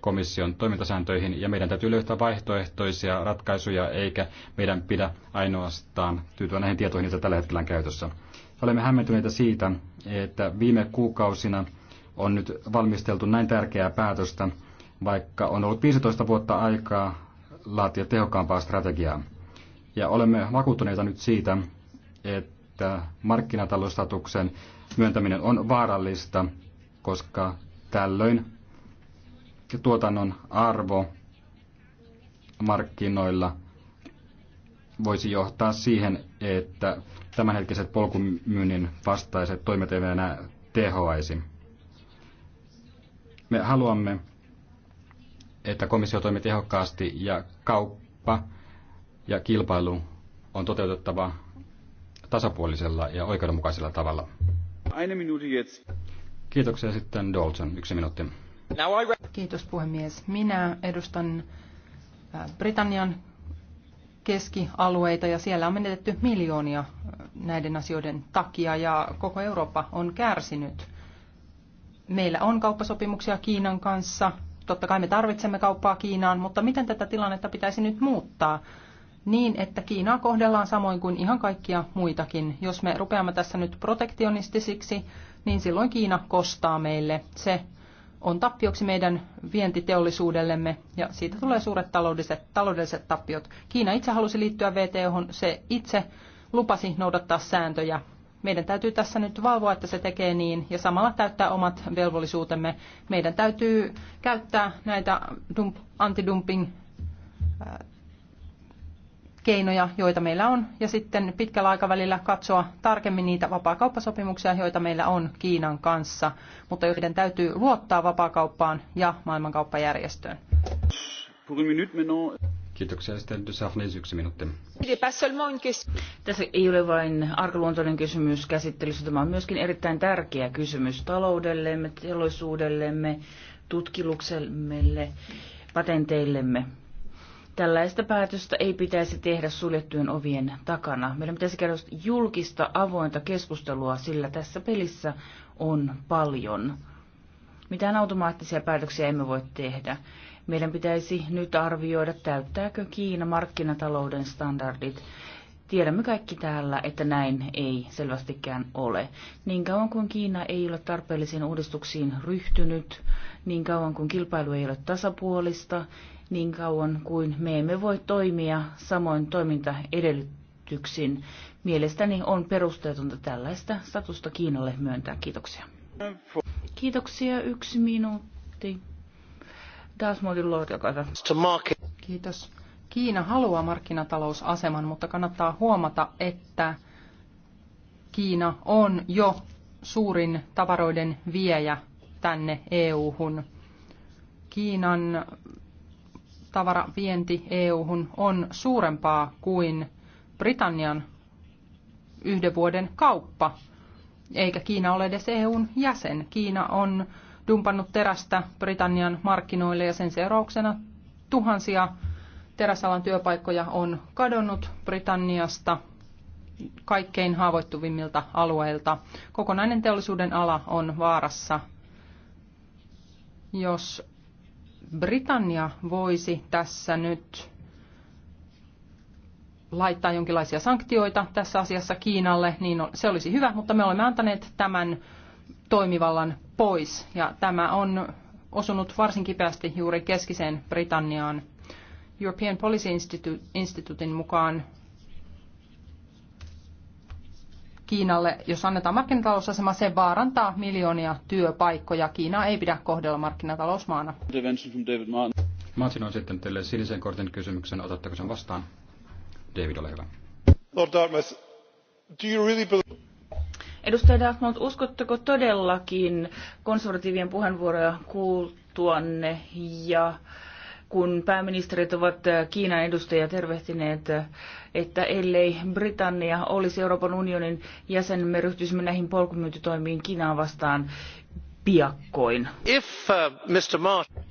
komission toimintasääntöihin, ja meidän täytyy löytää vaihtoehtoisia ratkaisuja, eikä meidän pidä ainoastaan tyytyä näihin tietoihin, joita tällä hetkellä on käytössä. Olemme hämmentyneitä siitä, että viime kuukausina on nyt valmisteltu näin tärkeää päätöstä, vaikka on ollut 15 vuotta aikaa laatia tehokkaampaa strategiaa. Ja olemme vakuuttuneita nyt siitä, että että markkinatalousstatuksen myöntäminen on vaarallista, koska tällöin tuotannon arvo markkinoilla voisi johtaa siihen, että tämänhetkiset polkumyynnin vastaiset toimet eivät enää tehoaisi. Me haluamme, että komissio toimii tehokkaasti ja kauppa ja kilpailu on toteutettava tasapuolisella ja oikeudenmukaisella tavalla. Kiitoksia sitten Dalton, yksi minuutti. Kiitos puhemies. Minä edustan Britannian keskialueita ja siellä on menetetty miljoonia näiden asioiden takia ja koko Eurooppa on kärsinyt. Meillä on kauppasopimuksia Kiinan kanssa. Totta kai me tarvitsemme kauppaa Kiinaan, mutta miten tätä tilannetta pitäisi nyt muuttaa? niin, että Kiinaa kohdellaan samoin kuin ihan kaikkia muitakin. Jos me rupeamme tässä nyt protektionistisiksi, niin silloin Kiina kostaa meille. Se on tappioksi meidän vientiteollisuudellemme ja siitä tulee suuret taloudelliset, taloudelliset tappiot. Kiina itse halusi liittyä VTO, se itse lupasi noudattaa sääntöjä. Meidän täytyy tässä nyt valvoa, että se tekee niin ja samalla täyttää omat velvollisuutemme. Meidän täytyy käyttää näitä antidumping keinoja, joita meillä on, ja sitten pitkällä aikavälillä katsoa tarkemmin niitä vapaakauppasopimuksia, joita meillä on Kiinan kanssa, mutta joiden täytyy luottaa vapaakauppaan ja maailmankauppajärjestöön. Kiitoksia. Sitten Dysafnes yksi minuutti. Tässä ei ole vain arkaluontoinen kysymys käsittelyssä. Tämä on myöskin erittäin tärkeä kysymys taloudellemme, teollisuudellemme, tutkimuksellemme, patenteillemme. Tällaista päätöstä ei pitäisi tehdä suljettujen ovien takana. Meidän pitäisi käydä julkista avointa keskustelua, sillä tässä pelissä on paljon. Mitään automaattisia päätöksiä emme voi tehdä. Meidän pitäisi nyt arvioida, täyttääkö Kiina markkinatalouden standardit. Tiedämme kaikki täällä, että näin ei selvästikään ole. Niin kauan kuin Kiina ei ole tarpeellisiin uudistuksiin ryhtynyt, niin kauan kuin kilpailu ei ole tasapuolista, niin kauan kuin me emme voi toimia samoin toimintaedellytyksin. Mielestäni on perusteetonta tällaista statusta Kiinalle myöntää. Kiitoksia. Kiitoksia. Yksi minuutti. Taas muodin Kiitos. Kiina haluaa markkinatalousaseman, mutta kannattaa huomata, että Kiina on jo suurin tavaroiden viejä tänne EU-hun. Kiinan tavaravienti EU-hun on suurempaa kuin Britannian yhden vuoden kauppa, eikä Kiina ole edes EUn jäsen. Kiina on dumpannut terästä Britannian markkinoille ja sen seurauksena tuhansia teräsalan työpaikkoja on kadonnut Britanniasta kaikkein haavoittuvimmilta alueilta. Kokonainen teollisuuden ala on vaarassa, jos Britannia voisi tässä nyt laittaa jonkinlaisia sanktioita tässä asiassa Kiinalle, niin se olisi hyvä, mutta me olemme antaneet tämän toimivallan pois. Ja tämä on osunut varsin kipeästi juuri keskiseen Britanniaan. European Policy Institute, mukaan Kiinalle, jos annetaan markkinatalousasema, se vaarantaa miljoonia työpaikkoja. Kiina ei pidä kohdella markkinatalousmaana. Mä on sitten teille sinisen kortin kysymyksen. Otatteko sen vastaan? David, ole hyvä. Lord Dartmouth, do you really believe... Edustaja Dartmouth, uskotteko todellakin konservatiivien puheenvuoroja kuultuanne ja kun pääministerit ovat äh, Kiinan edustajia tervehtineet, äh, että ellei Britannia olisi Euroopan unionin jäsen, me ryhtyisimme näihin polkumyyntitoimiin Kiinaa vastaan piakkoin. If, uh, Mr. Martin.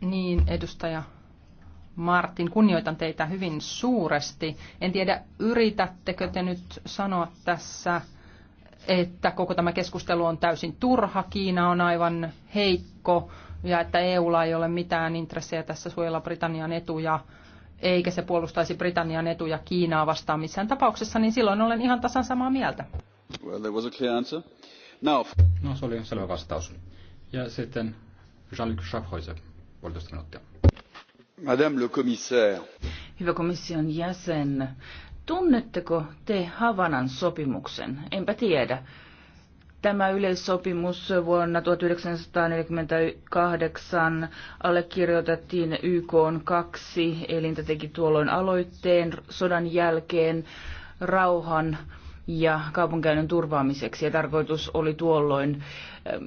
Niin, edustaja Martin, kunnioitan teitä hyvin suuresti. En tiedä, yritättekö te nyt sanoa tässä, että koko tämä keskustelu on täysin turha, Kiina on aivan heikko, ja että EUlla ei ole mitään intressejä tässä suojella Britannian etuja, eikä se puolustaisi Britannian etuja Kiinaa vastaan missään tapauksessa, niin silloin olen ihan tasan samaa mieltä. Well, there was a clear answer. Now... No, se oli selvä vastaus. Ja sitten Jean-Luc Schaffhäuser, puolitoista minuuttia. Madame le commissaire. Hyvä komission jäsen, tunnetteko te Havanan sopimuksen? Enpä tiedä. Tämä yleissopimus vuonna 1948 allekirjoitettiin YK kaksi elintä teki tuolloin aloitteen sodan jälkeen rauhan ja kaupankäynnin turvaamiseksi. Ja tarkoitus oli tuolloin ähm,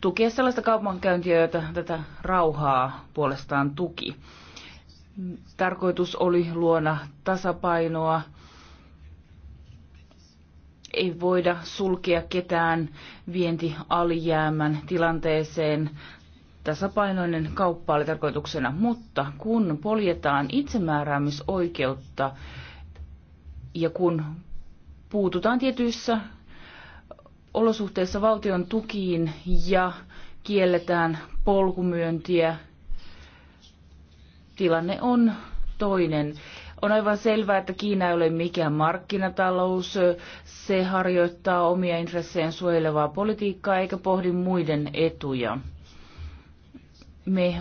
tukea sellaista kaupankäyntiä, jota tätä rauhaa puolestaan tuki. Tarkoitus oli luona tasapainoa ei voida sulkea ketään vientialijäämän tilanteeseen. Tasapainoinen kauppa oli tarkoituksena, mutta kun poljetaan itsemääräämisoikeutta ja kun puututaan tietyissä olosuhteissa valtion tukiin ja kielletään polkumyöntiä, tilanne on toinen. On aivan selvää, että Kiina ei ole mikään markkinatalous. Se harjoittaa omia intressejään suojelevaa politiikkaa eikä pohdi muiden etuja. Me,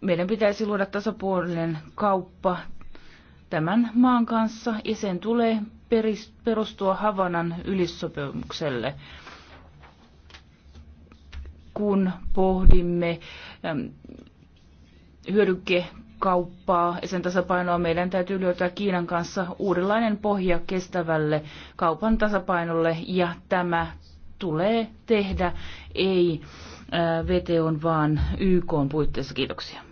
meidän pitäisi luoda tasapuolinen kauppa tämän maan kanssa ja sen tulee perustua Havanan ylissopimukselle, kun pohdimme hyödyke kauppaa ja sen tasapainoa meidän täytyy löytää Kiinan kanssa uudenlainen pohja kestävälle kaupan tasapainolle ja tämä tulee tehdä ei n vaan YKn puitteissa. Kiitoksia.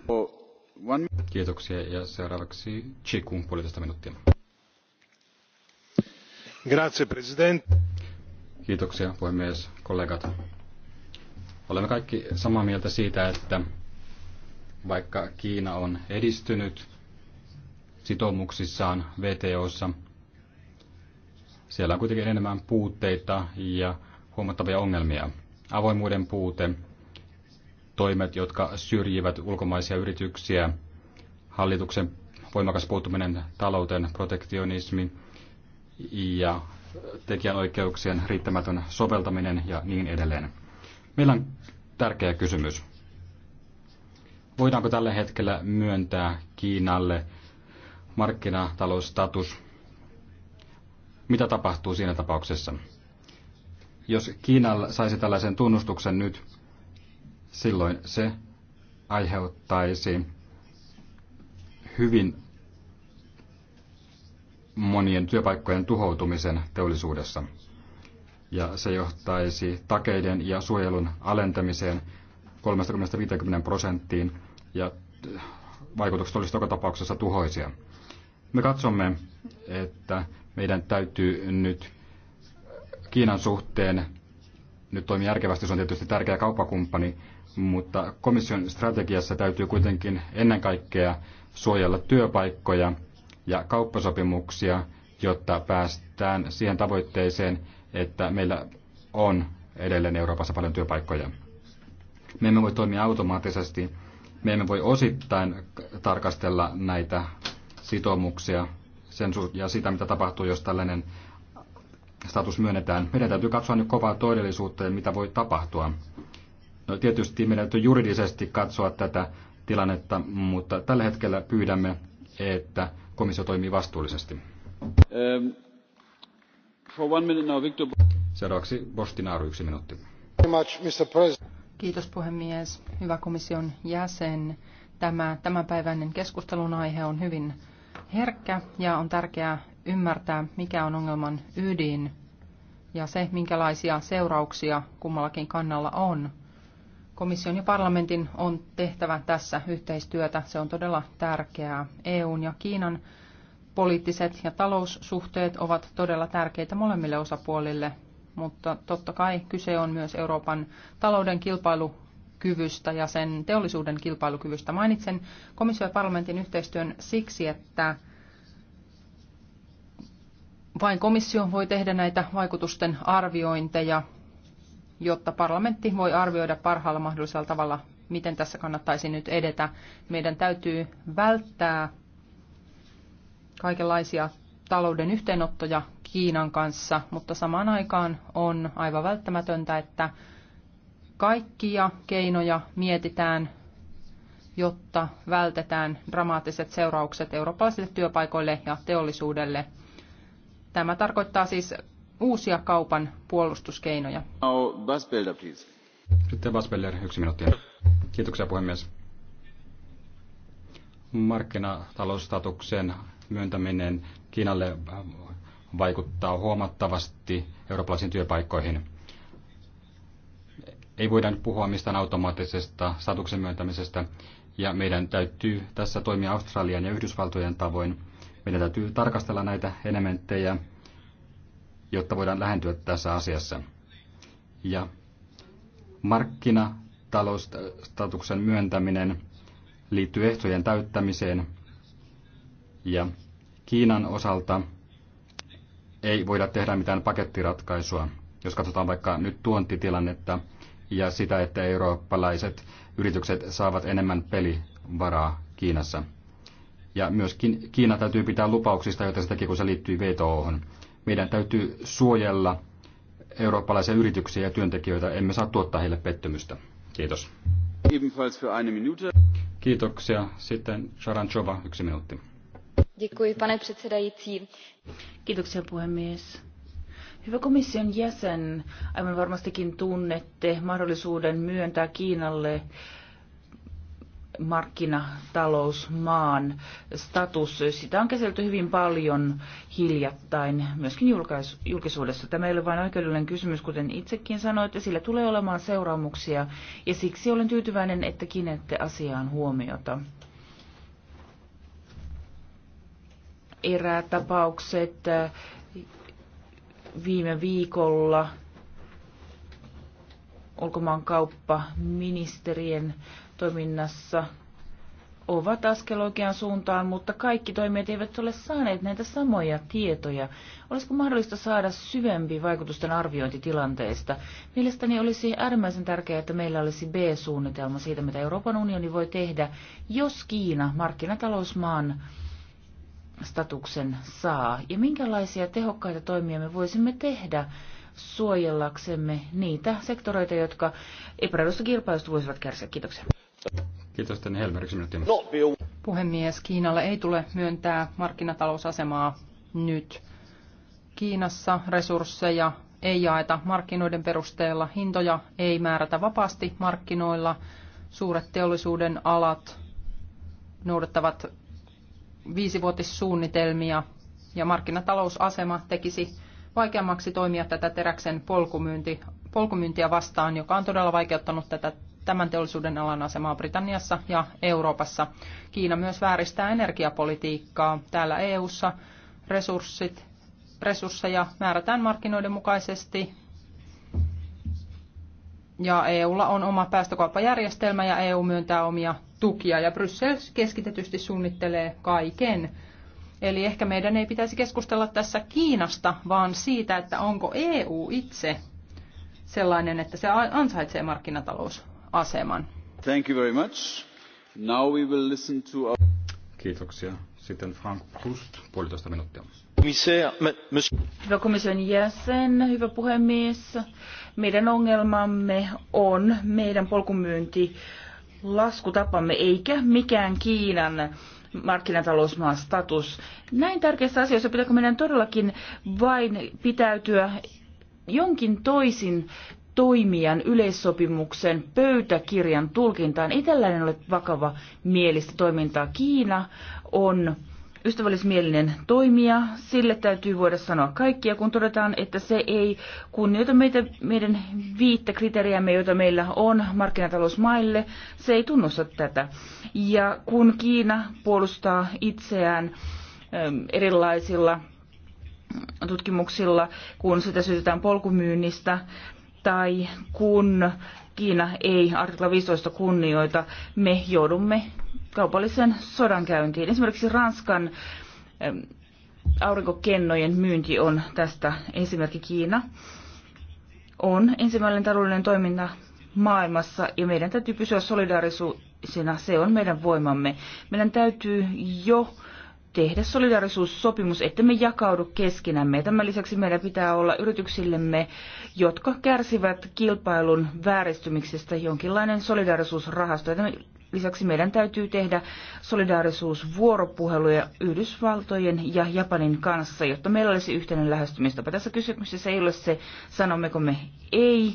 Kiitoksia ja seuraavaksi Chikun puolitoista minuuttia. Grazie, president. Kiitoksia puhemies, kollegat. Olemme kaikki samaa mieltä siitä, että vaikka Kiina on edistynyt sitoumuksissaan VTOssa, siellä on kuitenkin enemmän puutteita ja huomattavia ongelmia. Avoimuuden puute, toimet, jotka syrjivät ulkomaisia yrityksiä, hallituksen voimakas puuttuminen talouteen, protektionismi ja tekijänoikeuksien riittämätön soveltaminen ja niin edelleen. Meillä on tärkeä kysymys voidaanko tällä hetkellä myöntää Kiinalle markkinatalousstatus? Mitä tapahtuu siinä tapauksessa? Jos Kiina saisi tällaisen tunnustuksen nyt, silloin se aiheuttaisi hyvin monien työpaikkojen tuhoutumisen teollisuudessa. Ja se johtaisi takeiden ja suojelun alentamiseen 30-50 prosenttiin ja vaikutukset olisivat joka tapauksessa tuhoisia. Me katsomme, että meidän täytyy nyt Kiinan suhteen nyt toimii järkevästi, se on tietysti tärkeä kauppakumppani, mutta komission strategiassa täytyy kuitenkin ennen kaikkea suojella työpaikkoja ja kauppasopimuksia, jotta päästään siihen tavoitteeseen, että meillä on edelleen Euroopassa paljon työpaikkoja. Me emme voi toimia automaattisesti. Me emme voi osittain tarkastella näitä sitoumuksia sen ja sitä, mitä tapahtuu, jos tällainen status myönnetään. Meidän täytyy katsoa nyt kovaa todellisuutta ja mitä voi tapahtua. No, tietysti meidän täytyy juridisesti katsoa tätä tilannetta, mutta tällä hetkellä pyydämme, että komissio toimii vastuullisesti. Um, for one minute now, Victor... Seuraavaksi Bostinaaru, yksi minuutti. Much, Mr. President. Kiitos puhemies, hyvä komission jäsen. Tämä tämänpäiväinen keskustelun aihe on hyvin herkkä ja on tärkeää ymmärtää, mikä on ongelman ydin ja se, minkälaisia seurauksia kummallakin kannalla on. Komission ja parlamentin on tehtävä tässä yhteistyötä. Se on todella tärkeää. EUn ja Kiinan poliittiset ja taloussuhteet ovat todella tärkeitä molemmille osapuolille mutta totta kai kyse on myös Euroopan talouden kilpailukyvystä ja sen teollisuuden kilpailukyvystä. Mainitsen komission ja parlamentin yhteistyön siksi, että vain komissio voi tehdä näitä vaikutusten arviointeja, jotta parlamentti voi arvioida parhaalla mahdollisella tavalla, miten tässä kannattaisi nyt edetä. Meidän täytyy välttää kaikenlaisia talouden yhteenottoja Kiinan kanssa, mutta samaan aikaan on aivan välttämätöntä, että kaikkia keinoja mietitään, jotta vältetään dramaattiset seuraukset eurooppalaisille työpaikoille ja teollisuudelle. Tämä tarkoittaa siis uusia kaupan puolustuskeinoja. Basbelder, please. Sitten Basbelder, yksi minuuttia. Kiitoksia puhemies. Markkinataloustatuksen myöntäminen Kiinalle vaikuttaa huomattavasti eurooppalaisiin työpaikkoihin. Ei voida nyt puhua mistään automaattisesta statuksen myöntämisestä, ja meidän täytyy tässä toimia Australian ja Yhdysvaltojen tavoin. Meidän täytyy tarkastella näitä elementtejä, jotta voidaan lähentyä tässä asiassa. Ja markkinatalousstatuksen myöntäminen liittyy ehtojen täyttämiseen, ja Kiinan osalta – ei voida tehdä mitään pakettiratkaisua. Jos katsotaan vaikka nyt tuontitilannetta ja sitä, että eurooppalaiset yritykset saavat enemmän pelivaraa Kiinassa. Ja myöskin Kiina täytyy pitää lupauksista, joita se teki, kun se liittyy VTOhon. Meidän täytyy suojella eurooppalaisia yrityksiä ja työntekijöitä. Emme saa tuottaa heille pettymystä. Kiitos. Kiitoksia. Sitten Chova, yksi minuutti pane předsedající. Kiitoksia puhemies. Hyvä komission jäsen, aivan varmastikin tunnette mahdollisuuden myöntää Kiinalle markkinatalousmaan status. Sitä on käsitelty hyvin paljon hiljattain myöskin julkisuudessa. Tämä ei ole vain oikeudellinen kysymys, kuten itsekin sanoitte, sillä tulee olemaan seuraamuksia ja siksi olen tyytyväinen, että kiinnitätte asiaan huomiota. erätapaukset äh, viime viikolla ministerien toiminnassa ovat askel oikeaan suuntaan, mutta kaikki toimijat eivät ole saaneet näitä samoja tietoja. Olisiko mahdollista saada syvempi vaikutusten arviointi tilanteesta? Mielestäni olisi äärimmäisen tärkeää, että meillä olisi B-suunnitelma siitä, mitä Euroopan unioni voi tehdä, jos Kiina markkinatalousmaan statuksen saa ja minkälaisia tehokkaita toimia me voisimme tehdä suojellaksemme niitä sektoreita, jotka epäreilusta kilpailusta voisivat kärsiä. Kiitoksia. Kiitos tänne Helmer, no, Puhemies, Kiinalle ei tule myöntää markkinatalousasemaa nyt. Kiinassa resursseja ei jaeta markkinoiden perusteella, hintoja ei määrätä vapaasti markkinoilla, suuret teollisuuden alat noudattavat viisivuotissuunnitelmia ja markkinatalousasema tekisi vaikeammaksi toimia tätä teräksen polkumyynti, polkumyyntiä vastaan, joka on todella vaikeuttanut tätä tämän teollisuuden alan asemaa Britanniassa ja Euroopassa. Kiina myös vääristää energiapolitiikkaa. Täällä EU:ssa resurssit, resursseja määrätään markkinoiden mukaisesti ja EUlla on oma päästökauppajärjestelmä ja EU myöntää omia tukia ja Bryssel keskitetysti suunnittelee kaiken. Eli ehkä meidän ei pitäisi keskustella tässä Kiinasta, vaan siitä, että onko EU itse sellainen, että se ansaitsee markkinatalousaseman. Thank you very much. Now we will listen to our... Kiitoksia. Sitten Frank Proust, puolitoista minuuttia. Hyvä komission jäsen, hyvä puhemies. Meidän ongelmamme on meidän polkumyynti laskutapamme eikä mikään Kiinan markkinatalousmaan status. Näin tärkeissä asioissa pitääkö meidän todellakin vain pitäytyä jonkin toisin toimijan yleissopimuksen pöytäkirjan tulkintaan. Ei tällainen ole vakava mielistä toimintaa. Kiina on ystävällismielinen toimija. Sille täytyy voida sanoa kaikkia, kun todetaan, että se ei kunnioita meitä, meidän viittä kriteeriämme, joita meillä on markkinatalousmaille. Se ei tunnusta tätä. Ja kun Kiina puolustaa itseään ähm, erilaisilla tutkimuksilla, kun sitä syytetään polkumyynnistä, tai kun Kiina ei artikla 15 kunnioita, me joudumme kaupallisen sodankäyntiin. Esimerkiksi Ranskan aurinkokennojen myynti on tästä esimerkki Kiina. On ensimmäinen taloudellinen toiminta maailmassa ja meidän täytyy pysyä solidaarisuusina. Se on meidän voimamme. Meidän täytyy jo tehdä solidaarisuussopimus, että me jakaudu keskenämme. Tämän lisäksi meidän pitää olla yrityksillemme, jotka kärsivät kilpailun vääristymiksestä, jonkinlainen solidaarisuusrahasto. Ja tämän Lisäksi meidän täytyy tehdä solidaarisuusvuoropuheluja Yhdysvaltojen ja Japanin kanssa, jotta meillä olisi yhteinen lähestymistapa. Tässä kysymyksessä ei ole se, sanommeko me ei.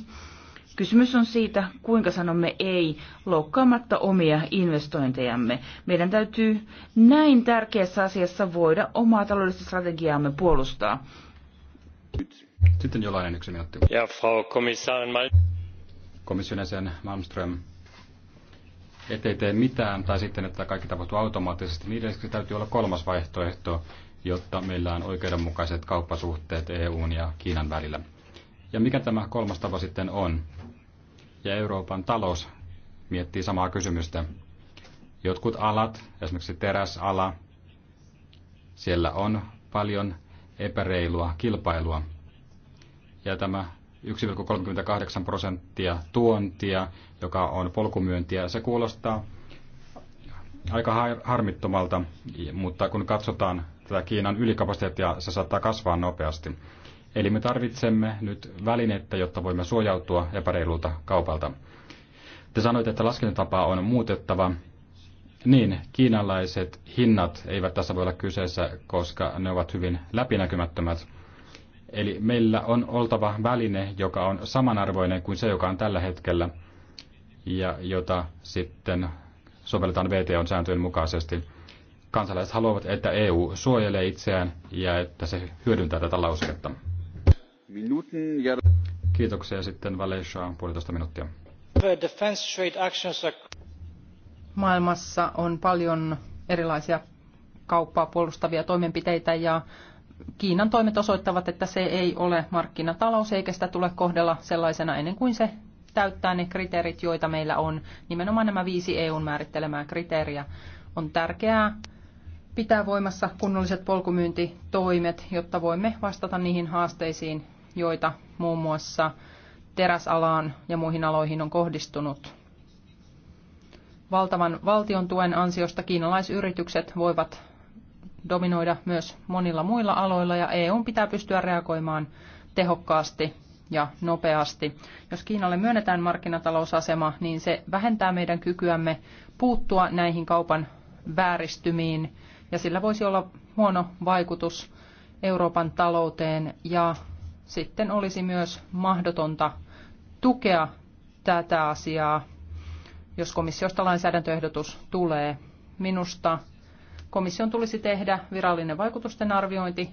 Kysymys on siitä, kuinka sanomme ei loukkaamatta omia investointejamme. Meidän täytyy näin tärkeässä asiassa voida omaa taloudellista strategiaamme puolustaa. Sitten jollain yksi minuutti. Ja Frau Kommissarin Komission jäsen Malmström, ettei tee mitään tai sitten, että kaikki tapahtuu automaattisesti. Niin niiden lisäksi täytyy olla kolmas vaihtoehto, jotta meillä on oikeudenmukaiset kauppasuhteet EUn ja Kiinan välillä. Ja mikä tämä kolmas tapa sitten on? Ja Euroopan talous miettii samaa kysymystä. Jotkut alat, esimerkiksi teräsala, siellä on paljon epäreilua kilpailua. Ja tämä 1,38 prosenttia tuontia, joka on polkumyöntiä. Se kuulostaa aika harmittomalta, mutta kun katsotaan tätä Kiinan ylikapasiteettia, se saattaa kasvaa nopeasti. Eli me tarvitsemme nyt välinettä, jotta voimme suojautua epäreilulta kaupalta. Te sanoitte, että laskentatapa on muutettava. Niin, kiinalaiset hinnat eivät tässä voi olla kyseessä, koska ne ovat hyvin läpinäkymättömät. Eli meillä on oltava väline, joka on samanarvoinen kuin se, joka on tällä hetkellä ja jota sitten sovelletaan VTOn sääntöjen mukaisesti. Kansalaiset haluavat, että EU suojelee itseään ja että se hyödyntää tätä lauseketta. Kiitoksia sitten Valesha, puolitoista minuuttia. Maailmassa on paljon erilaisia kauppaa puolustavia toimenpiteitä ja Kiinan toimet osoittavat, että se ei ole markkinatalous eikä sitä tule kohdella sellaisena ennen kuin se täyttää ne kriteerit, joita meillä on. Nimenomaan nämä viisi EUn määrittelemää kriteeriä on tärkeää pitää voimassa kunnolliset polkumyyntitoimet, jotta voimme vastata niihin haasteisiin, joita muun muassa teräsalaan ja muihin aloihin on kohdistunut. Valtavan valtion tuen ansiosta kiinalaisyritykset voivat dominoida myös monilla muilla aloilla ja EUn pitää pystyä reagoimaan tehokkaasti ja nopeasti. Jos Kiinalle myönnetään markkinatalousasema, niin se vähentää meidän kykyämme puuttua näihin kaupan vääristymiin ja sillä voisi olla huono vaikutus Euroopan talouteen ja sitten olisi myös mahdotonta tukea tätä asiaa, jos komissiosta lainsäädäntöehdotus tulee. Minusta Komission tulisi tehdä virallinen vaikutusten arviointi,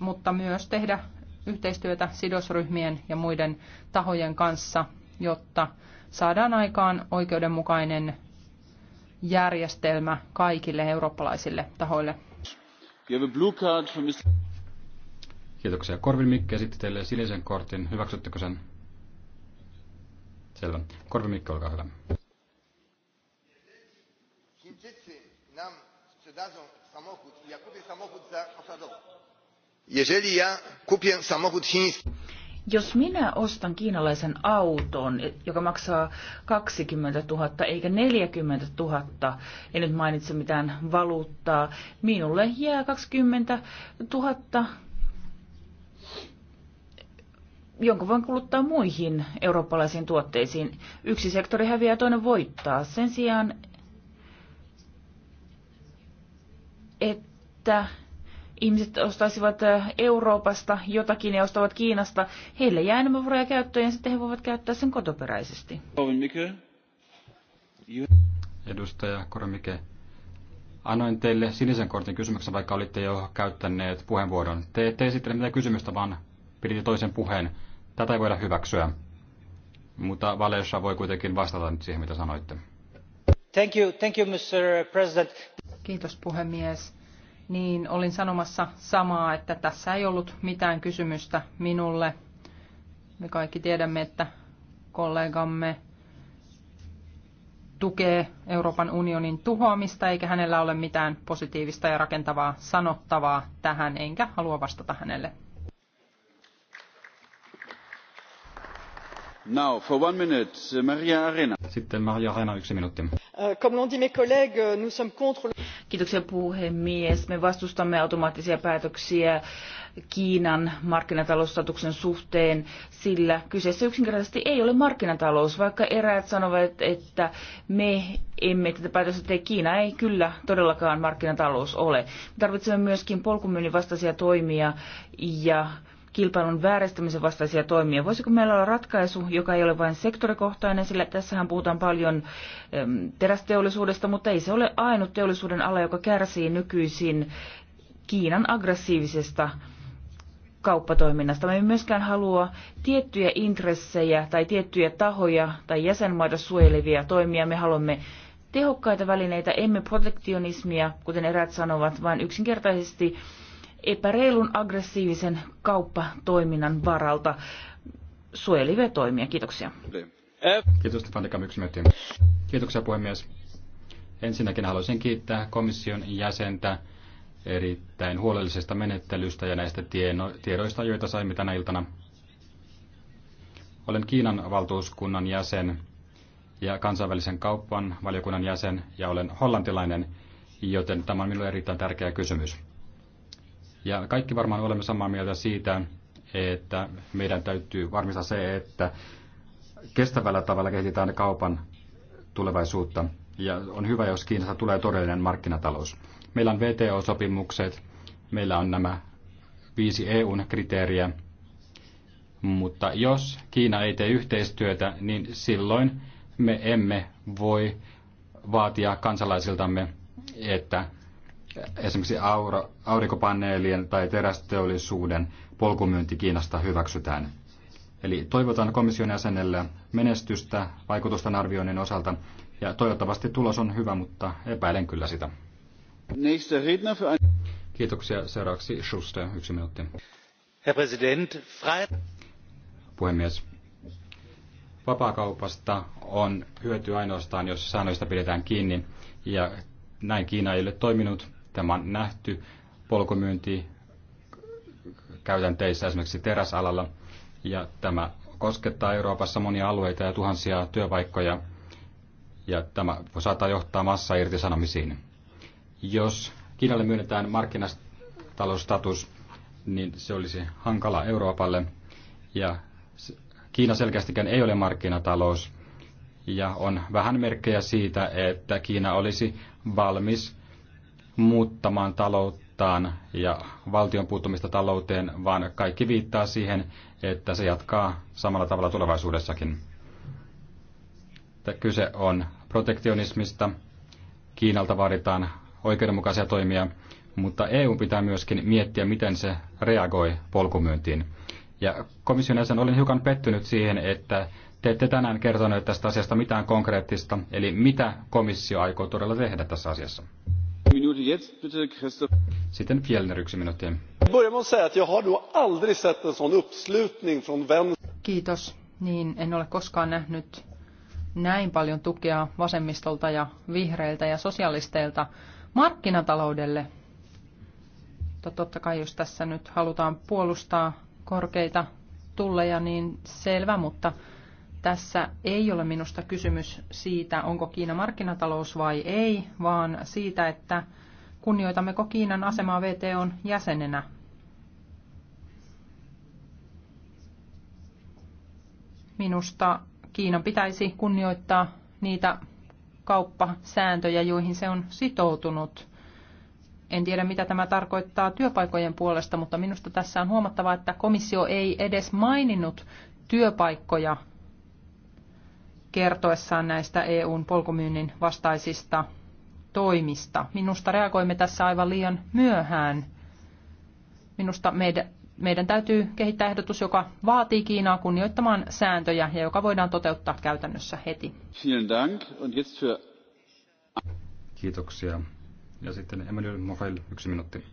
mutta myös tehdä yhteistyötä sidosryhmien ja muiden tahojen kanssa, jotta saadaan aikaan oikeudenmukainen järjestelmä kaikille eurooppalaisille tahoille. Kiitoksia. Korvin Mikke esitti teille sinisen kortin. Hyväksyttekö sen? Selvä. Korvin Mikke, olkaa hyvä. dadzą samochód i ja kupię samochód za osadowo. Jeżeli ja kupię samochód chiński, jos minä ostan kiinalaisen auton, joka maksaa 20 000 eikä 40 000, en nyt mainitse mitään valuuttaa, minulle jää 20 000, jonka voin kuluttaa muihin eurooppalaisiin tuotteisiin. Yksi sektori häviää, toinen voittaa. Sen sijaan että ihmiset ostaisivat Euroopasta jotakin ja ostavat Kiinasta, heille jää enemmän varoja käyttöön ja sitten he voivat käyttää sen kotoperäisesti. Edustaja Koromike, annoin teille sinisen kortin kysymyksen, vaikka olitte jo käyttäneet puheenvuoron. Te ette esittele mitään kysymystä, vaan piditte toisen puheen. Tätä ei voida hyväksyä. Mutta Valessa voi kuitenkin vastata nyt siihen, mitä sanoitte. Kiitos puhemies. Niin, olin sanomassa samaa, että tässä ei ollut mitään kysymystä minulle. Me kaikki tiedämme, että kollegamme tukee Euroopan unionin tuhoamista, eikä hänellä ole mitään positiivista ja rakentavaa sanottavaa tähän, enkä halua vastata hänelle. Now, for one minute, Maria Arena. Sitten Maria Arena, yksi minuutti. Äh, euh, Kiitoksia puhemies. Me vastustamme automaattisia päätöksiä Kiinan markkinataloustatuksen suhteen, sillä kyseessä yksinkertaisesti ei ole markkinatalous, vaikka eräät sanovat, että me emme tätä päätöstä tee. Kiina ei kyllä todellakaan markkinatalous ole. Me tarvitsemme myöskin polkumyynnin vastaisia toimia ja kilpailun vääristämisen vastaisia toimia. Voisiko meillä olla ratkaisu, joka ei ole vain sektorikohtainen, sillä tässähän puhutaan paljon terästeollisuudesta, mutta ei se ole ainut teollisuuden ala, joka kärsii nykyisin Kiinan aggressiivisesta kauppatoiminnasta. Me ei myöskään halua tiettyjä intressejä tai tiettyjä tahoja tai jäsenmaita suojelevia toimia. Me haluamme tehokkaita välineitä, emme protektionismia, kuten eräät sanovat, vaan yksinkertaisesti epäreilun aggressiivisen kauppatoiminnan varalta suojelivia toimia. Kiitoksia. Kiitos Stefanika Kiitoksia puhemies. Ensinnäkin haluaisin kiittää komission jäsentä erittäin huolellisesta menettelystä ja näistä tiedoista, joita saimme tänä iltana. Olen Kiinan valtuuskunnan jäsen ja kansainvälisen kaupan valiokunnan jäsen ja olen hollantilainen, joten tämä on minulle erittäin tärkeä kysymys. Ja kaikki varmaan olemme samaa mieltä siitä, että meidän täytyy varmistaa se, että kestävällä tavalla kehitetään kaupan tulevaisuutta. Ja on hyvä, jos Kiinasta tulee todellinen markkinatalous. Meillä on VTO-sopimukset, meillä on nämä viisi EUn kriteeriä, mutta jos Kiina ei tee yhteistyötä, niin silloin me emme voi vaatia kansalaisiltamme, että esimerkiksi auro, aurinkopaneelien tai terästeollisuuden polkumyynti Kiinasta hyväksytään. Eli toivotan komission jäsenelle menestystä vaikutusten arvioinnin osalta ja toivottavasti tulos on hyvä, mutta epäilen kyllä sitä. Kiitoksia. Seuraavaksi Schuster, yksi minuutti. Herr Puhemies. Vapaakaupasta on hyöty ainoastaan, jos säännöistä pidetään kiinni ja näin Kiina ei ole toiminut Tämä on nähty polkumyynti käytänteissä esimerkiksi teräsalalla ja tämä koskettaa Euroopassa monia alueita ja tuhansia työpaikkoja ja tämä saattaa johtaa massa irtisanomisiin. Jos Kiinalle myönnetään markkinatalousstatus, niin se olisi hankala Euroopalle ja Kiina selkeästikään ei ole markkinatalous ja on vähän merkkejä siitä, että Kiina olisi valmis muuttamaan talouttaan ja valtion puuttumista talouteen, vaan kaikki viittaa siihen, että se jatkaa samalla tavalla tulevaisuudessakin. Kyse on protektionismista. Kiinalta vaaditaan oikeudenmukaisia toimia, mutta EU pitää myöskin miettiä, miten se reagoi polkumyyntiin. Ja komission jäsen olin hiukan pettynyt siihen, että te ette tänään kertoneet tästä asiasta mitään konkreettista, eli mitä komissio aikoo todella tehdä tässä asiassa. Sitten Fjellner yksi minuutti. Kiitos. Niin, en ole koskaan nähnyt näin paljon tukea vasemmistolta ja vihreiltä ja sosialisteilta markkinataloudelle. Mutta totta kai, jos tässä nyt halutaan puolustaa korkeita tulleja, niin selvä, mutta tässä ei ole minusta kysymys siitä, onko Kiina markkinatalous vai ei, vaan siitä, että kunnioitammeko Kiinan asemaa VTOn jäsenenä. Minusta Kiinan pitäisi kunnioittaa niitä kauppasääntöjä, joihin se on sitoutunut. En tiedä, mitä tämä tarkoittaa työpaikojen puolesta, mutta minusta tässä on huomattava, että komissio ei edes maininnut työpaikkoja kertoessaan näistä EUn polkumyynnin vastaisista toimista. Minusta reagoimme tässä aivan liian myöhään. Minusta meidän, meidän täytyy kehittää ehdotus, joka vaatii Kiinaa kunnioittamaan sääntöjä ja joka voidaan toteuttaa käytännössä heti. Kiitoksia. Ja sitten Emmanuel Morel, yksi minuutti.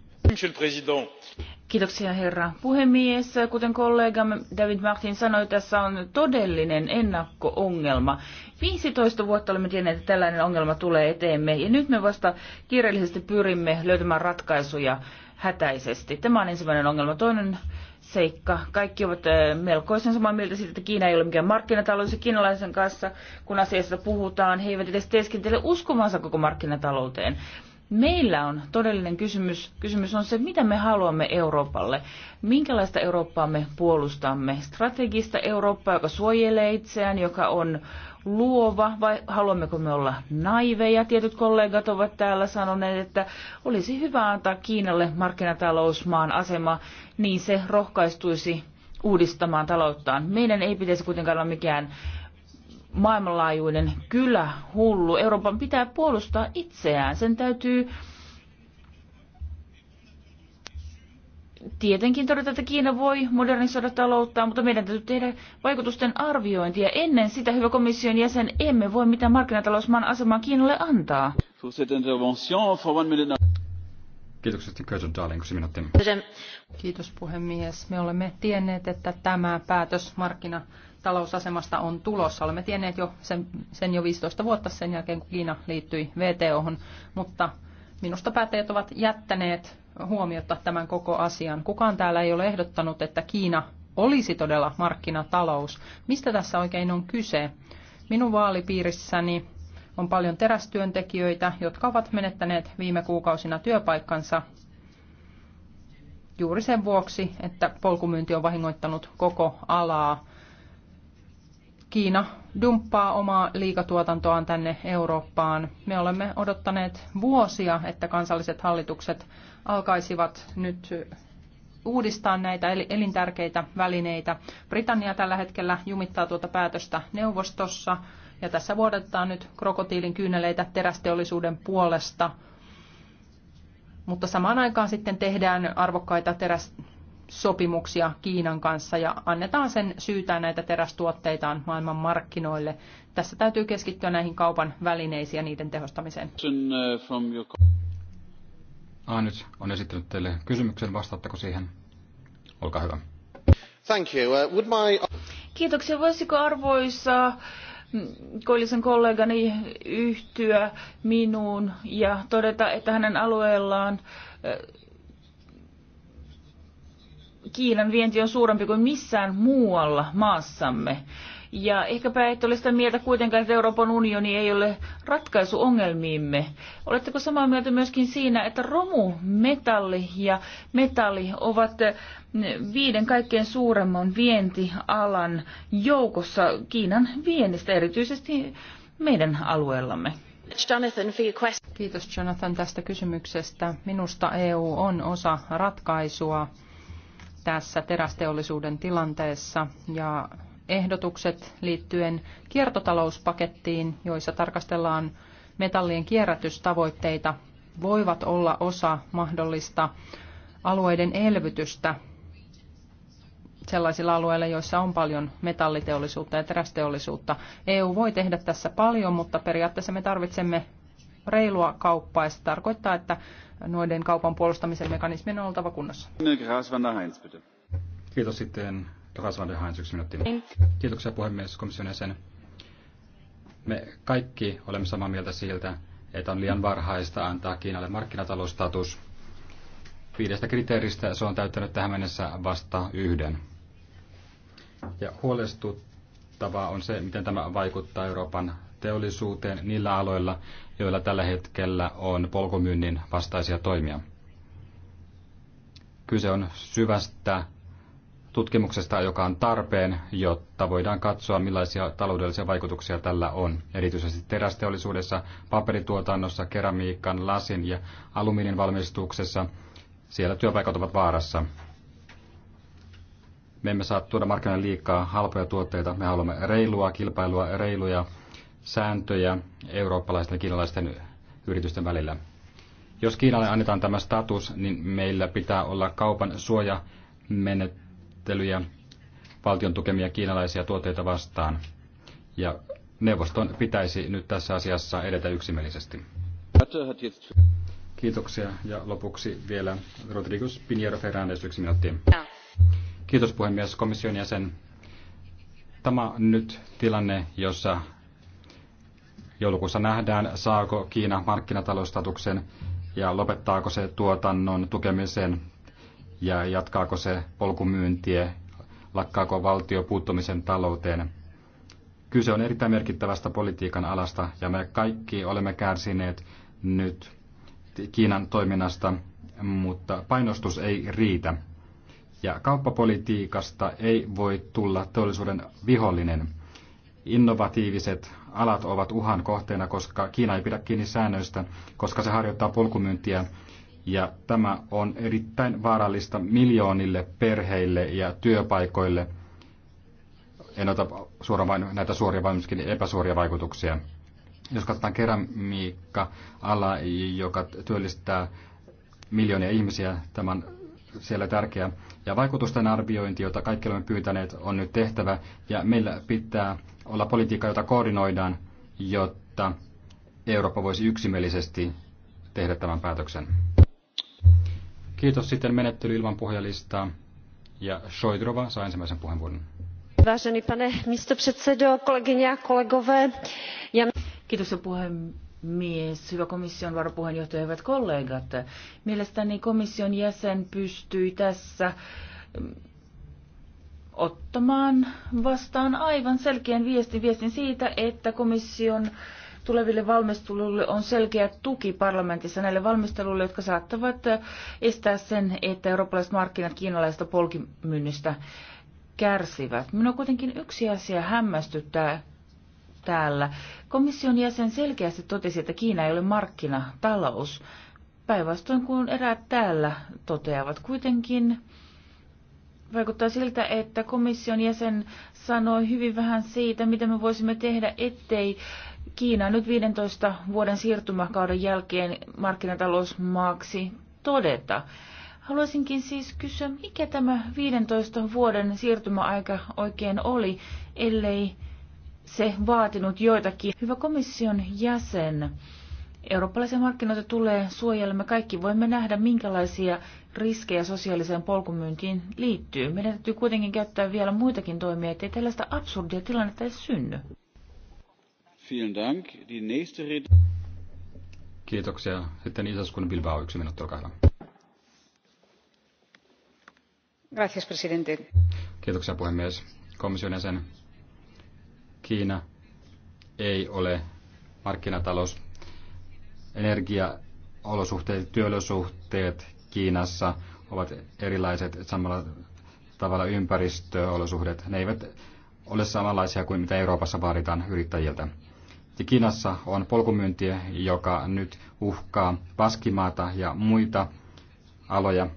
Kiitoksia herra puhemies. Kuten kollegamme David Martin sanoi, tässä on todellinen ennakko-ongelma. viisitoista vuotta olemme tienneet, että tällainen ongelma tulee eteemme ja nyt me vasta kiireellisesti pyrimme löytämään ratkaisuja hätäisesti. Tämä on ensimmäinen ongelma. Toinen seikka. Kaikki ovat eh, melkoisen samaa mieltä siitä, että Kiina ei ole mikään markkinatalous ja kiinalaisen kanssa, kun asiasta puhutaan, he eivät edes teeskentele uskomansa koko markkinatalouteen. Meillä on todellinen kysymys. Kysymys on se, mitä me haluamme Euroopalle. Minkälaista Eurooppaa me puolustamme? Strategista Eurooppaa, joka suojelee itseään, joka on luova, vai haluammeko me olla naiveja? Tietyt kollegat ovat täällä sanoneet, että olisi hyvä antaa Kiinalle markkinatalousmaan asema, niin se rohkaistuisi uudistamaan talouttaan. Meidän ei pitäisi kuitenkaan olla mikään maailmanlaajuinen hullu. Euroopan pitää puolustaa itseään. Sen täytyy tietenkin todeta, että Kiina voi modernisoida talouttaan, mutta meidän täytyy tehdä vaikutusten arviointia. Ennen sitä, hyvä komission jäsen, emme voi mitään markkinatalousmaan asemaa Kiinalle antaa. Kiitokset, Kirsten Darling, minuutti. Kiitos puhemies. Me olemme tienneet, että tämä päätös markkina talousasemasta on tulossa. Olemme tienneet jo sen, sen jo 15 vuotta sen jälkeen, kun Kiina liittyi VTOhon, mutta minusta päättäjät ovat jättäneet huomiota tämän koko asian. Kukaan täällä ei ole ehdottanut, että Kiina olisi todella markkinatalous. Mistä tässä oikein on kyse? Minun vaalipiirissäni on paljon terästyöntekijöitä, jotka ovat menettäneet viime kuukausina työpaikkansa juuri sen vuoksi, että polkumyynti on vahingoittanut koko alaa. Kiina dumppaa omaa liikatuotantoaan tänne Eurooppaan. Me olemme odottaneet vuosia, että kansalliset hallitukset alkaisivat nyt uudistaa näitä elintärkeitä välineitä. Britannia tällä hetkellä jumittaa tuota päätöstä neuvostossa ja tässä vuodetaan nyt krokotiilin kyyneleitä terästeollisuuden puolesta. Mutta samaan aikaan sitten tehdään arvokkaita teräs, sopimuksia Kiinan kanssa ja annetaan sen syytää näitä terästuotteitaan maailman markkinoille. Tässä täytyy keskittyä näihin kaupan välineisiin ja niiden tehostamiseen. Uh, ah, nyt on esittänyt teille kysymyksen, vastaatteko siihen? Olkaa hyvä. Thank you. Uh, would my... Kiitoksia. Voisiko arvoisa mm, koillisen kollegani yhtyä minuun ja todeta, että hänen alueellaan uh, Kiinan vienti on suurempi kuin missään muualla maassamme. Ja ehkäpä et ole sitä mieltä kuitenkaan, että Euroopan unioni ei ole ratkaisu ongelmiimme. Oletteko samaa mieltä myöskin siinä, että romu, metalli ja metalli ovat eh, viiden kaikkein suuremman vientialan joukossa Kiinan viennistä, erityisesti meidän alueellamme? Jonathan, Kiitos Jonathan tästä kysymyksestä. Minusta EU on osa ratkaisua tässä terästeollisuuden tilanteessa ja ehdotukset liittyen kiertotalouspakettiin, joissa tarkastellaan metallien kierrätystavoitteita, voivat olla osa mahdollista alueiden elvytystä sellaisilla alueilla, joissa on paljon metalliteollisuutta ja terästeollisuutta. EU voi tehdä tässä paljon, mutta periaatteessa me tarvitsemme reilua kauppaa ja se tarkoittaa, että noiden kaupan puolustamisen mekanismien on oltava kunnossa. Kiitos sitten Kiitoksia puhemies komission jäsen. Me kaikki olemme samaa mieltä siltä, että on liian varhaista antaa Kiinalle markkinataloustatus. Viidestä kriteeristä se on täyttänyt tähän mennessä vasta yhden. Ja huolestuttavaa on se, miten tämä vaikuttaa Euroopan teollisuuteen niillä aloilla, joilla tällä hetkellä on polkumyynnin vastaisia toimia. Kyse on syvästä tutkimuksesta, joka on tarpeen, jotta voidaan katsoa, millaisia taloudellisia vaikutuksia tällä on. Erityisesti terästeollisuudessa, paperituotannossa, keramiikan, lasin ja alumiinin valmistuksessa. Siellä työpaikat ovat vaarassa. Me emme saa tuoda markkinoille liikaa halpoja tuotteita. Me haluamme reilua kilpailua, reiluja sääntöjä eurooppalaisten ja kiinalaisten yritysten välillä. Jos Kiinalle annetaan tämä status, niin meillä pitää olla kaupan suojamenettelyjä valtion tukemia kiinalaisia tuotteita vastaan. Ja neuvoston pitäisi nyt tässä asiassa edetä yksimielisesti. Kiitoksia. Ja lopuksi vielä Rodrigo Pinheiro Ferrandes yksi minuutti. Kiitos puhemies komission jäsen. Tämä on nyt tilanne, jossa Joulukuussa nähdään, saako Kiina markkinataloustatuksen ja lopettaako se tuotannon tukemisen ja jatkaako se polkumyyntiä, lakkaako valtio puuttumisen talouteen. Kyse on erittäin merkittävästä politiikan alasta ja me kaikki olemme kärsineet nyt Kiinan toiminnasta, mutta painostus ei riitä. Ja kauppapolitiikasta ei voi tulla teollisuuden vihollinen innovatiiviset alat ovat uhan kohteena, koska Kiina ei pidä kiinni säännöistä, koska se harjoittaa polkumyyntiä. Ja tämä on erittäin vaarallista miljoonille perheille ja työpaikoille. En ota suoraan vain näitä suoria, vaan myöskin epäsuoria vaikutuksia. Jos katsotaan keramiikka-ala, joka työllistää miljoonia ihmisiä, tämän siellä tärkeä. Ja vaikutusten arviointi, jota kaikki olemme pyytäneet, on nyt tehtävä, ja meillä pitää olla politiikka, jota koordinoidaan, jotta Eurooppa voisi yksimielisesti tehdä tämän päätöksen. Kiitos sitten menettely ilman puhujalistaa. Ja Shoidrova saa ensimmäisen puheenvuoron. Vážený pane místopředsedo, kolegyně a kolegové. Ja... Kiitos puhemies, hyvä komission varapuheenjohtaja, hyvät kollegat. Mielestäni komission jäsen pystyi tässä ottamaan vastaan aivan selkeän viestin, viestin siitä, että komission tuleville valmistelulle on selkeä tuki parlamentissa näille valmisteluille, jotka saattavat estää sen, että eurooppalaiset markkinat kiinalaisesta polkimyynnistä kärsivät. Minua kuitenkin yksi asia hämmästyttää täällä. Komission jäsen selkeästi totesi, että Kiina ei ole markkinatalous. Päinvastoin kuin eräät täällä toteavat kuitenkin vaikuttaa siltä, että komission jäsen sanoi hyvin vähän siitä, mitä me voisimme tehdä, ettei Kiina nyt 15 vuoden siirtymäkauden jälkeen markkinatalousmaaksi todeta. Haluaisinkin siis kysyä, mikä tämä 15 vuoden siirtymäaika oikein oli, ellei se vaatinut joitakin. Hyvä komission jäsen, Eurooppalaisia markkinoita tulee suojella. Me kaikki voimme nähdä, minkälaisia riskejä sosiaaliseen polkumyyntiin liittyy. Meidän täytyy kuitenkin käyttää vielä muitakin toimia, ettei tällaista absurdia tilannetta edes synny. Kiitoksia. Sitten Isaskun Bilbao, yksi minuutti, olkaa hyvä. Gracias, presidente. Kiitoksia puhemies. Komission jäsen. Kiina ei ole markkinatalous energiaolosuhteet, työolosuhteet Kiinassa ovat erilaiset samalla tavalla ympäristöolosuhteet. Ne eivät ole samanlaisia kuin mitä Euroopassa vaaditaan yrittäjiltä. Ja Kiinassa on polkumyyntiä, joka nyt uhkaa paskimaata ja muita aloja.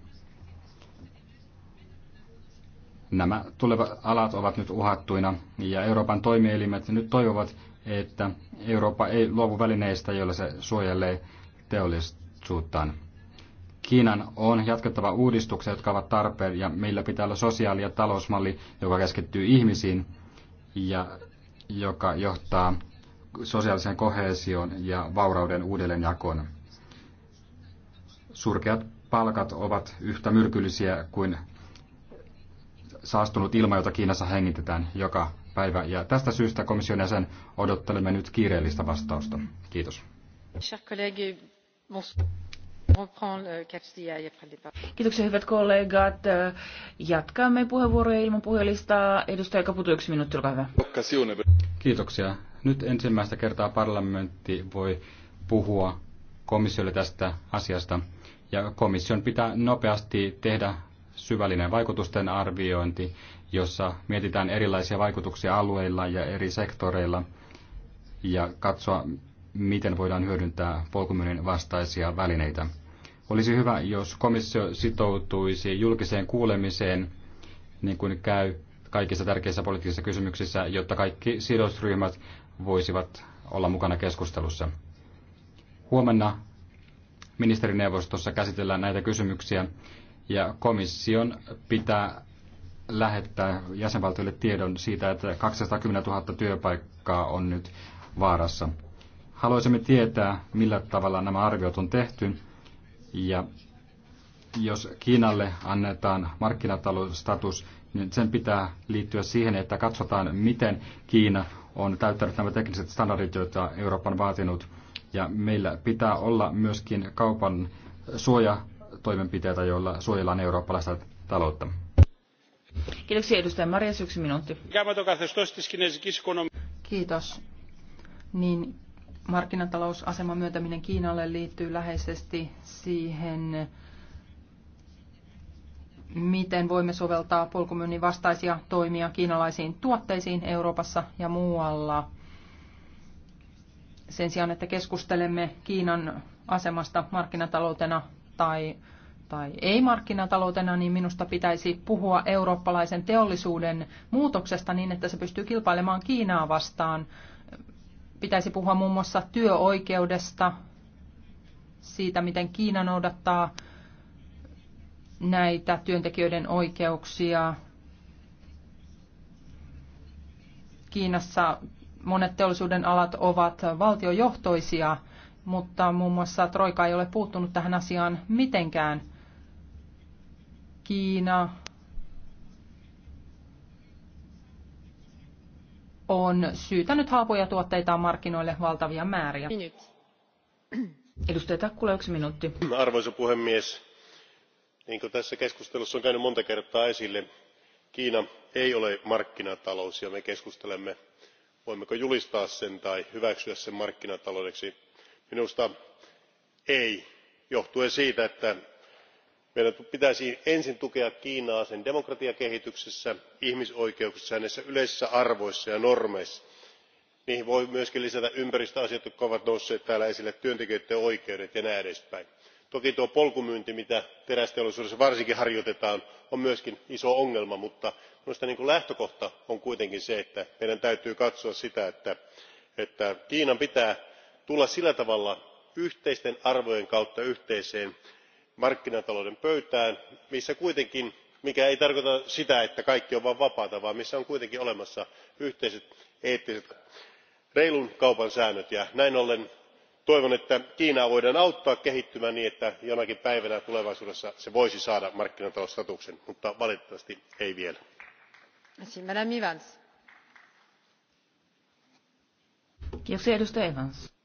Nämä tulevat alat ovat nyt uhattuina ja Euroopan toimielimet nyt toivovat, että Eurooppa ei luovu välineistä, joilla se suojelee teollisuuttaan. Kiinan on jatkettava uudistuksia, jotka ovat tarpeen, ja meillä pitää olla sosiaali- ja talousmalli, joka keskittyy ihmisiin ja joka johtaa sosiaaliseen kohesioon ja vaurauden uudelleenjakoon. Surkeat palkat ovat yhtä myrkyllisiä kuin saastunut ilma, jota Kiinassa hengitetään joka päivä. Ja tästä syystä komission jäsen odottelemme nyt kiireellistä vastausta. Kiitos. Kiitoksia hyvät kollegat. Jatkamme puheenvuoroja ilman puhelista. Edustaja Kaputu, yksi minuutti, olkaa hyvä. Kiitoksia. Nyt ensimmäistä kertaa parlamentti voi puhua komissiolle tästä asiasta. Ja komission pitää nopeasti tehdä syvällinen vaikutusten arviointi jossa mietitään erilaisia vaikutuksia alueilla ja eri sektoreilla ja katsoa, miten voidaan hyödyntää polkumyynnin vastaisia välineitä. Olisi hyvä, jos komissio sitoutuisi julkiseen kuulemiseen, niin kuin käy kaikissa tärkeissä poliittisissa kysymyksissä, jotta kaikki sidosryhmät voisivat olla mukana keskustelussa. Huomenna ministerineuvostossa käsitellään näitä kysymyksiä ja komission pitää lähettää jäsenvaltioille tiedon siitä, että 210 000 työpaikkaa on nyt vaarassa. Haluaisimme tietää, millä tavalla nämä arviot on tehty ja jos Kiinalle annetaan markkinatalousstatus, niin sen pitää liittyä siihen, että katsotaan, miten Kiina on täyttänyt nämä tekniset standardit, joita Euroopan vaatinut. Ja meillä pitää olla myöskin kaupan suojatoimenpiteitä, joilla suojellaan eurooppalaista taloutta. Kiitoksia edustaja Maria, yksi minuutti. Kiitos. Niin markkinatalousaseman myöntäminen Kiinalle liittyy läheisesti siihen, miten voimme soveltaa polkumyynnin vastaisia toimia kiinalaisiin tuotteisiin Euroopassa ja muualla. Sen sijaan, että keskustelemme Kiinan asemasta markkinataloutena tai tai ei markkinataloutena, niin minusta pitäisi puhua eurooppalaisen teollisuuden muutoksesta niin, että se pystyy kilpailemaan Kiinaa vastaan. Pitäisi puhua muun muassa työoikeudesta, siitä, miten Kiina noudattaa näitä työntekijöiden oikeuksia. Kiinassa monet teollisuuden alat ovat valtiojohtoisia, mutta muun muassa Troika ei ole puuttunut tähän asiaan mitenkään – Kiina on syytänyt halpoja tuotteitaan markkinoille valtavia määriä. Edustaja Takkula, yksi minuutti. Arvoisa puhemies, niin kuin tässä keskustelussa on käynyt monta kertaa esille, Kiina ei ole markkinatalous ja me keskustelemme, voimmeko julistaa sen tai hyväksyä sen markkinataloudeksi. Minusta ei, johtuen siitä, että meidän pitäisi ensin tukea kiinaa sen demokratiakehityksessä ihmisoikeuksissa ja näissä yleisissä arvoissa ja normeissa. niihin voi myös lisätä ympäristöasiat jotka ovat nousseet täällä esille työntekijöiden oikeudet ja näin edespäin. toki tuo polkumyynti mitä terästeollisuudessa varsinkin harjoitetaan on myös iso ongelma mutta minusta niin lähtökohta on kuitenkin se että meidän täytyy katsoa sitä että kiinan pitää tulla sillä tavalla yhteisten arvojen kautta yhteiseen markkinatalouden pöytään missä kuitenkin mikä ei tarkoita sitä että kaikki on vain vapaata vaan missä on kuitenkin olemassa yhteiset eettiset reilun kaupan säännöt. Ja näin ollen toivon että kiinaa voidaan auttaa kehittymään niin että jonakin päivänä tulevaisuudessa se voisi saada markkinatalousstatuksen mutta valitettavasti ei vielä. Kiitoksia, Evans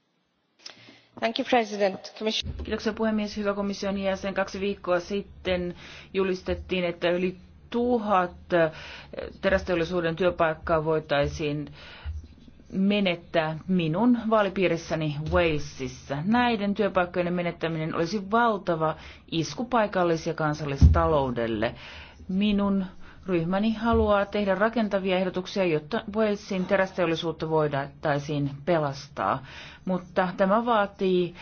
arvoisa puhemies. Hyvä komission jäsen. Kaksi viikkoa sitten julistettiin, että yli tuhat eh, terästeollisuuden työpaikkaa voitaisiin menettää minun vaalipiirissäni Walesissa. Näiden työpaikkojen menettäminen olisi valtava isku paikallis- ja kansallistaloudelle. Minun Ryhmäni haluaa tehdä rakentavia ehdotuksia, jotta Walesin terästeollisuutta voidaisiin pelastaa. Mutta tämä vaatii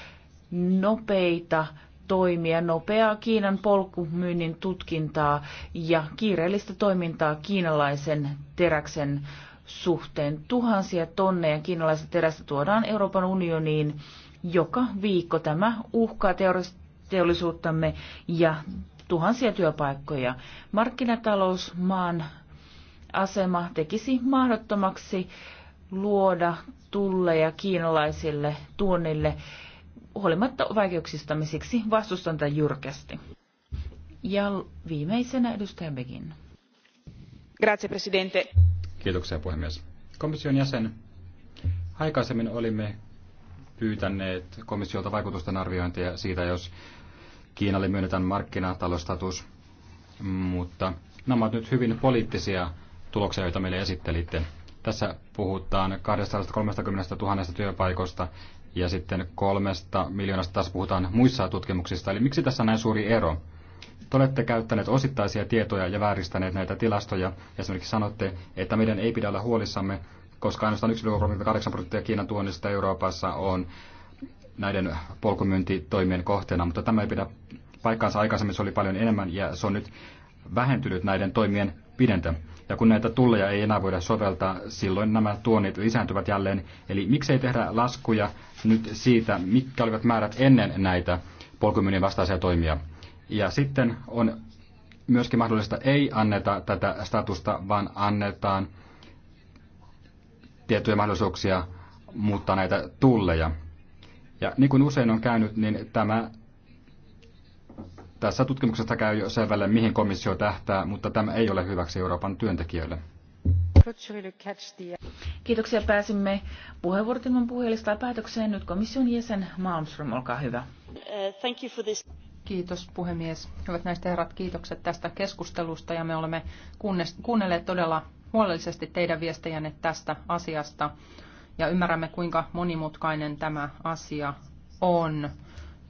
nopeita toimia, nopeaa Kiinan polkumyynnin tutkintaa ja kiireellistä toimintaa kiinalaisen teräksen suhteen. Tuhansia tonneja kiinalaista terästä tuodaan Euroopan unioniin joka viikko. Tämä uhkaa teollisuuttamme ja tuhansia työpaikkoja. maan asema tekisi mahdottomaksi luoda tulleja kiinalaisille tuonnille huolimatta vaikeuksistamme, siksi vastustan tätä jyrkästi. Ja viimeisenä edustaja Begin. Grazie, presidente. Kiitoksia, puhemies. Komission jäsen, aikaisemmin olimme pyytäneet komissiolta vaikutusten arviointia siitä, jos Kiinalle myönnetään markkinatalostatus, mutta nämä ovat nyt hyvin poliittisia tuloksia, joita meille esittelitte. Tässä puhutaan 230 000 työpaikoista ja sitten kolmesta miljoonasta taas puhutaan muissa tutkimuksista. Eli miksi tässä on näin suuri ero? Te olette käyttäneet osittaisia tietoja ja vääristäneet näitä tilastoja. Esimerkiksi sanotte, että meidän ei pidä olla huolissamme, koska ainoastaan 1,8 prosenttia Kiinan tuonnista Euroopassa on näiden polkumyyntitoimien kohteena, mutta tämä ei pidä paikkaansa. Aikaisemmin se oli paljon enemmän ja se on nyt vähentynyt näiden toimien pidentä. Ja kun näitä tulleja ei enää voida soveltaa, silloin nämä tuonnit lisääntyvät jälleen. Eli miksei tehdä laskuja nyt siitä, mitkä olivat määrät ennen näitä polkumyynnin vastaisia toimia. Ja sitten on myöskin mahdollista ei anneta tätä statusta, vaan annetaan tiettyjä mahdollisuuksia muuttaa näitä tulleja. Ja niin kuin usein on käynyt, niin tämä, tässä tutkimuksessa käy jo selvälle, mihin komissio tähtää, mutta tämä ei ole hyväksi Euroopan työntekijöille. Kiitoksia. Pääsimme puheenvuorot ilman päätökseen. Nyt komission jäsen Malmström, olkaa hyvä. Thank you for this. Kiitos puhemies. Hyvät näistä herrat, kiitokset tästä keskustelusta ja me olemme kuunnelleet todella huolellisesti teidän viestejänne tästä asiasta ja ymmärrämme, kuinka monimutkainen tämä asia on.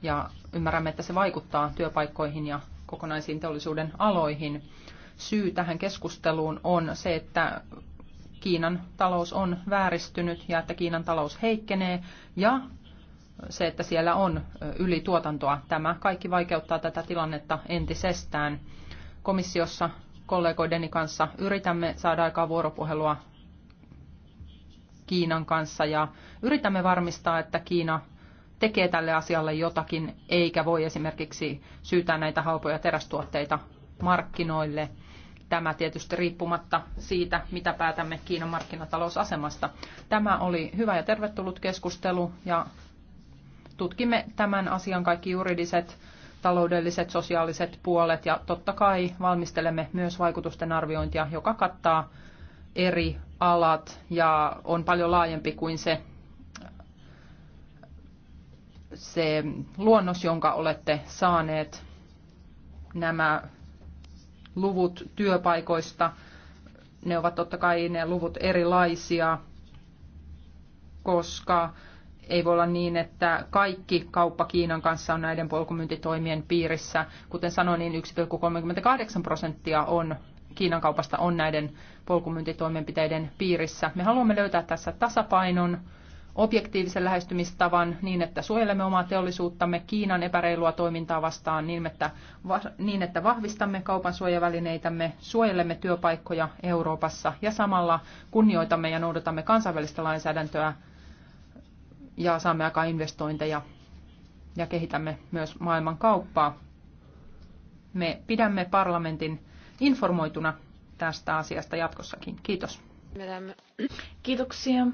Ja ymmärrämme, että se vaikuttaa työpaikkoihin ja kokonaisiin teollisuuden aloihin. Syy tähän keskusteluun on se, että Kiinan talous on vääristynyt ja että Kiinan talous heikkenee ja se, että siellä on ylituotantoa. Tämä kaikki vaikeuttaa tätä tilannetta entisestään. Komissiossa kollegoideni kanssa yritämme saada aikaa vuoropuhelua Kiinan kanssa ja yritämme varmistaa, että Kiina tekee tälle asialle jotakin, eikä voi esimerkiksi syytää näitä halpoja terästuotteita markkinoille. Tämä tietysti riippumatta siitä, mitä päätämme Kiinan markkinatalousasemasta. Tämä oli hyvä ja tervetullut keskustelu ja tutkimme tämän asian kaikki juridiset, taloudelliset, sosiaaliset puolet ja totta kai valmistelemme myös vaikutusten arviointia, joka kattaa eri alat ja on paljon laajempi kuin se, se luonnos, jonka olette saaneet. Nämä luvut työpaikoista, ne ovat totta kai ne luvut erilaisia, koska ei voi olla niin, että kaikki kauppa Kiinan kanssa on näiden polkumyyntitoimien piirissä. Kuten sanoin, niin 1,38 prosenttia on Kiinan kaupasta on näiden polkumyyntitoimenpiteiden piirissä. Me haluamme löytää tässä tasapainon objektiivisen lähestymistavan niin, että suojelemme omaa teollisuuttamme Kiinan epäreilua toimintaa vastaan niin, että, niin, että vahvistamme kaupan suojavälineitämme, suojelemme työpaikkoja Euroopassa ja samalla kunnioitamme ja noudatamme kansainvälistä lainsäädäntöä ja saamme aikaan investointeja ja kehitämme myös maailman kauppaa. Me pidämme parlamentin informoituna tästä asiasta jatkossakin. Kiitos. Kiitoksia.